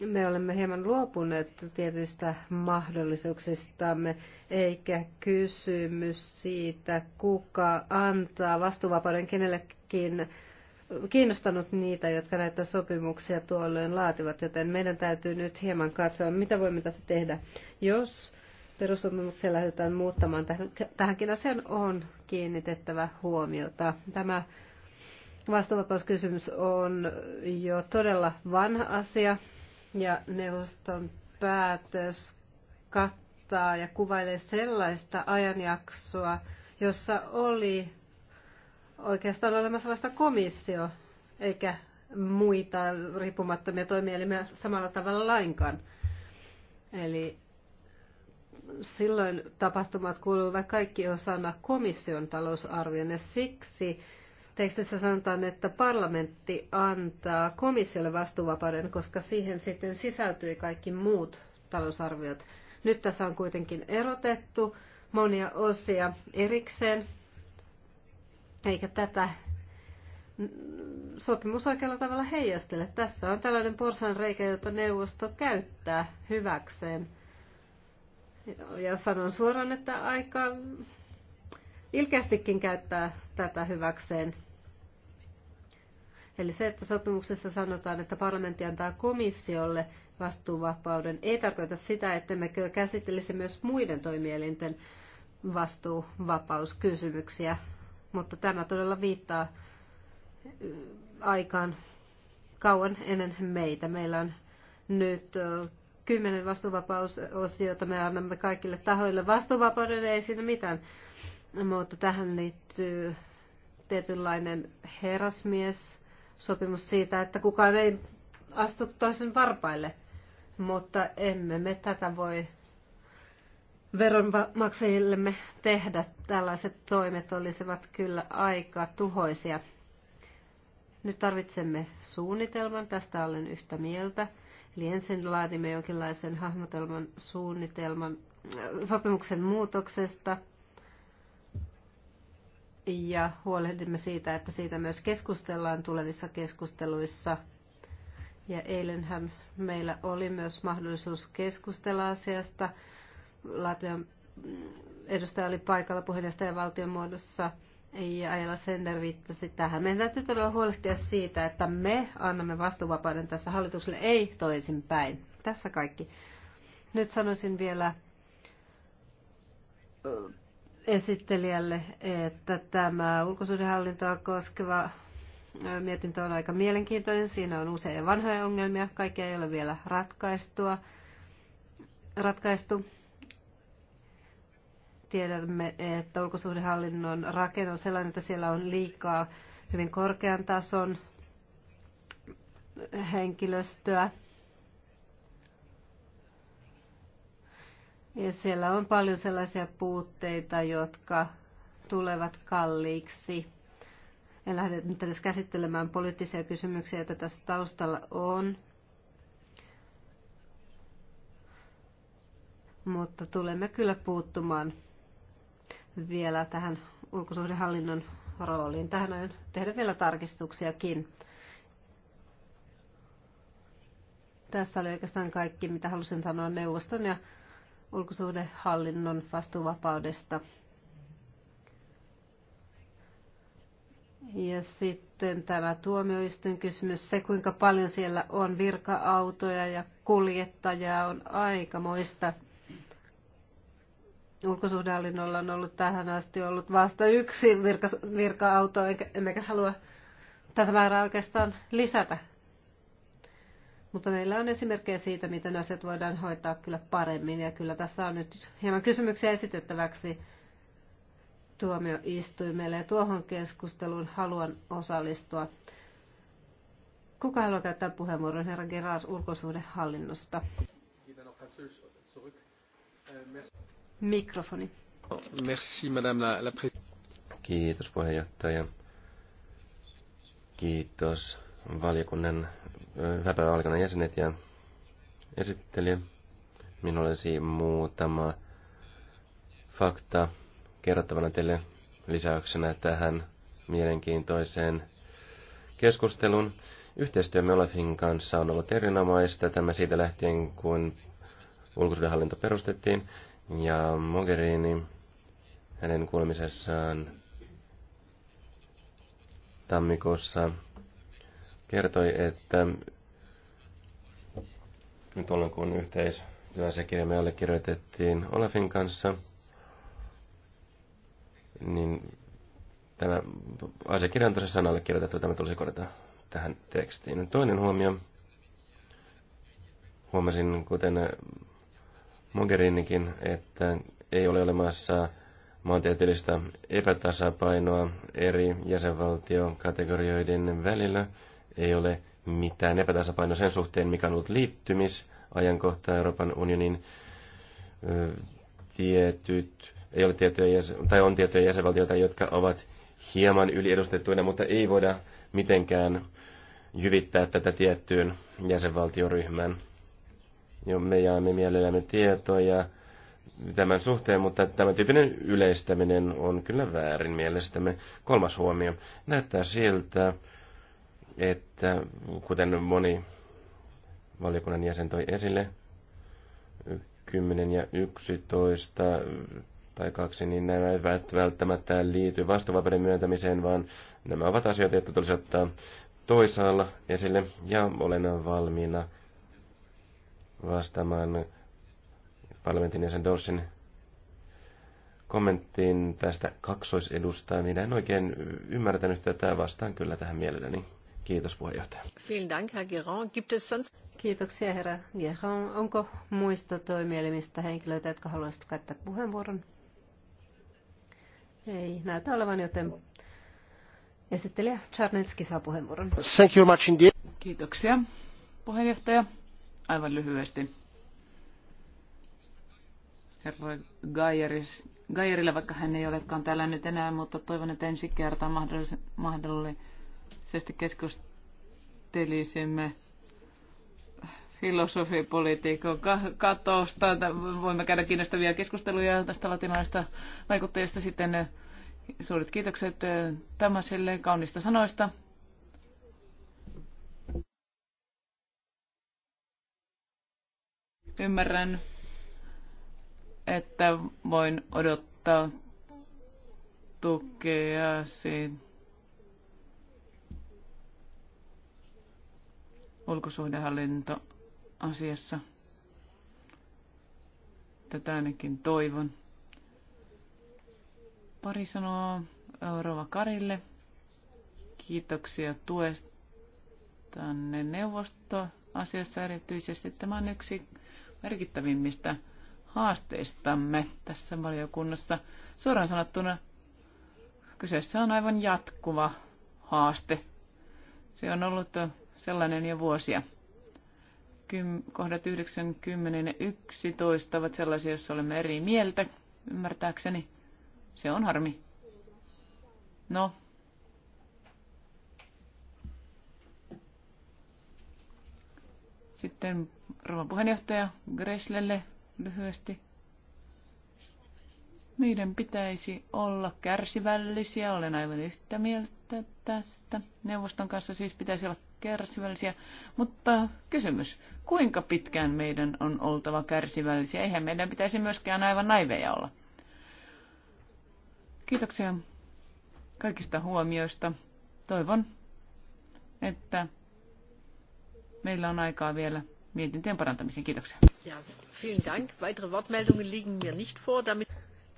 Me olemme hieman luopuneet tietyistä mahdollisuuksistamme, eikä kysymys siitä, kuka antaa vastuuvapauden kenellekin kiinnostanut niitä, jotka näitä sopimuksia tuolloin laativat, joten meidän täytyy nyt hieman katsoa, mitä voimme tässä tehdä. Jos perussopimuksia lähdetään muuttamaan. Tähänkin asiaan on kiinnitettävä huomiota. Tämä vastuuvapauskysymys on jo todella vanha asia ja neuvoston päätös kattaa ja kuvailee sellaista ajanjaksoa, jossa oli oikeastaan olemassa vasta komissio eikä muita riippumattomia toimielimiä samalla tavalla lainkaan. Eli silloin tapahtumat kuuluvat kaikki osana komission talousarvion ja siksi tekstissä sanotaan, että parlamentti antaa komissiolle vastuuvapauden, koska siihen sitten sisältyi kaikki muut talousarviot. Nyt tässä on kuitenkin erotettu monia osia erikseen, eikä tätä sopimus oikealla tavalla heijastele. Tässä on tällainen porsan reikä, jota neuvosto käyttää hyväkseen – ja sanon suoraan, että aika ilkeästikin käyttää tätä hyväkseen. Eli se, että sopimuksessa sanotaan, että parlamentti antaa komissiolle vastuuvapauden, ei tarkoita sitä, että me käsittelisi myös muiden toimielinten vastuuvapauskysymyksiä, mutta tämä todella viittaa mm, aikaan kauan ennen meitä. Meillä on nyt kymmenen vastuuvapausosiota me annamme kaikille tahoille vastuuvapauden, ei siinä mitään. Mutta tähän liittyy tietynlainen herrasmies sopimus siitä, että kukaan ei astu toisen varpaille. Mutta emme me tätä voi veronmaksajillemme tehdä. Tällaiset toimet olisivat kyllä aika tuhoisia. Nyt tarvitsemme suunnitelman, tästä olen yhtä mieltä. Eli ensin laadimme jonkinlaisen hahmotelman suunnitelman äh, sopimuksen muutoksesta ja huolehdimme siitä, että siitä myös keskustellaan tulevissa keskusteluissa. Ja eilenhän meillä oli myös mahdollisuus keskustella asiasta. Latvian mm, edustaja oli paikalla valtion muodossa – ja Ajala Sender viittasi tähän. Meidän täytyy todella huolehtia siitä, että me annamme vastuuvapauden tässä hallitukselle, ei toisinpäin. Tässä kaikki. Nyt sanoisin vielä esittelijälle, että tämä ulkosuudenhallintoa koskeva mietintö on aika mielenkiintoinen. Siinä on usein vanhoja ongelmia, kaikkea ei ole vielä ratkaistua, ratkaistu. Tiedämme, että ulkosuhdehallinnon rakenne on sellainen, että siellä on liikaa hyvin korkean tason henkilöstöä. Ja siellä on paljon sellaisia puutteita, jotka tulevat kalliiksi. En lähde nyt edes käsittelemään poliittisia kysymyksiä, joita tässä taustalla on. Mutta tulemme kyllä puuttumaan vielä tähän ulkosuhdehallinnon rooliin. Tähän on tehdä vielä tarkistuksiakin. Tässä oli oikeastaan kaikki, mitä halusin sanoa neuvoston ja ulkosuhdehallinnon vastuuvapaudesta. Ja sitten tämä tuomioistuin kysymys, se kuinka paljon siellä on virka-autoja ja kuljettajaa on aikamoista ulkosuhdehallinnolla on ollut tähän asti ollut vasta yksi virka, virka-auto, emmekä halua tätä määrää oikeastaan lisätä. Mutta meillä on esimerkkejä siitä, miten asiat voidaan hoitaa kyllä paremmin, ja kyllä tässä on nyt hieman kysymyksiä esitettäväksi tuomioistuimelle, ja tuohon keskusteluun haluan osallistua. Kuka haluaa käyttää puheenvuoron herra Gerard ulkosuhdehallinnosta? Mikrofoni. Merci, madame la, Kiitos puheenjohtaja. Kiitos valiokunnan väpävaliokunnan jäsenet ja esittelijä. Minulla olisi muutama fakta kerrottavana teille lisäyksenä tähän mielenkiintoiseen keskustelun. Yhteistyömme Olafin kanssa on ollut erinomaista. Tämä siitä lähtien, kun ulkosuudenhallinto perustettiin. Ja Mogherini hänen kuulemisessaan tammikuussa kertoi, että nyt ollaan kun yhteistyöasiakirja me allekirjoitettiin Olafin kanssa, niin tämä asiakirja on tosissaan allekirjoitettu, tämä tulisi korjata tähän tekstiin. Toinen huomio, huomasin, kuten Mogherinikin, että ei ole olemassa maantieteellistä epätasapainoa eri jäsenvaltiokategorioiden välillä. Ei ole mitään epätasapainoa sen suhteen, mikä on ollut liittymisajankohta Euroopan unionin tietyt, ei ole tiettyjä, tai on tiettyjä jäsenvaltioita, jotka ovat hieman yliedustettuina, mutta ei voida mitenkään jyvittää tätä tiettyyn jäsenvaltioryhmään ja me jaamme mielellämme tietoja tämän suhteen, mutta tämä tyyppinen yleistäminen on kyllä väärin mielestämme. Kolmas huomio. Näyttää siltä, että kuten moni valiokunnan jäsen toi esille, 10 ja 11 tai kaksi, niin nämä eivät välttämättä liity vastuuvapauden myöntämiseen, vaan nämä ovat asioita, jotka tulisi ottaa toisaalla esille, ja olen valmiina vastaamaan parlamentin jäsen Dorsin kommenttiin tästä kaksoisedusta. Minä niin en oikein ymmärtänyt tätä. Vastaan kyllä tähän mielelläni. Kiitos puheenjohtaja. Vielen Dank, Herr Gibt es sonst... Kiitoksia, herra Geron. Onko muista toimielimistä henkilöitä, jotka haluaisivat käyttää puheenvuoron? Ei näytä olevan, joten esittelijä Czarnetski saa puheenvuoron. Thank you much indeed. Kiitoksia, puheenjohtaja. Aivan lyhyesti. Herra Gajeris, Gajerille, vaikka hän ei olekaan täällä nyt enää, mutta toivon, että ensi kertaa mahdollisesti keskustelisimme filosofipolitiikon katosta. Voimme käydä kiinnostavia keskusteluja tästä latinalaista vaikutteesta sitten. Suuret kiitokset äh, tämmöisille kaunista sanoista. Ymmärrän, että voin odottaa tukea siitä. ulkosuhdehallinto asiassa. Tätä ainakin toivon. Pari sanoa Rova Karille. Kiitoksia tuesta tänne neuvosto asiassa erityisesti. Tämä on yksi merkittävimmistä haasteistamme tässä valiokunnassa. Suoraan sanottuna kyseessä on aivan jatkuva haaste. Se on ollut sellainen jo vuosia. Kohdat 9, 10 ja 11 ovat sellaisia, joissa olemme eri mieltä, ymmärtääkseni. Se on harmi. No, sitten rouva puheenjohtaja Greslelle lyhyesti. Meidän pitäisi olla kärsivällisiä, olen aivan yhtä mieltä tästä. Neuvoston kanssa siis pitäisi olla kärsivällisiä, mutta kysymys, kuinka pitkään meidän on oltava kärsivällisiä? Eihän meidän pitäisi myöskään aivan naiveja olla. Kiitoksia kaikista huomioista. Toivon, että meillä on aikaa vielä mietintöjen parantamiseen. Kiitoksia. Ja, vielen dank. Weitere Wortmeldungen liegen mir nicht vor. Damit...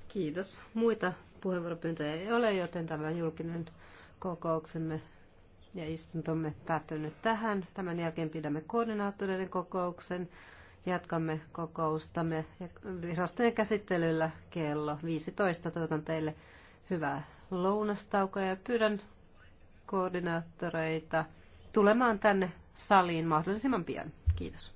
Kiitos. Muita puheenvuoropyyntöjä ei ole, joten tämä julkinen kokouksemme ja istuntomme päättyy nyt tähän. Tämän jälkeen pidämme koordinaattoreiden kokouksen. Jatkamme kokoustamme virastojen käsittelyllä kello 15. Toivotan teille hyvää lounastaukoa ja pyydän koordinaattoreita tulemaan tänne saliin mahdollisimman pian. Kiitos.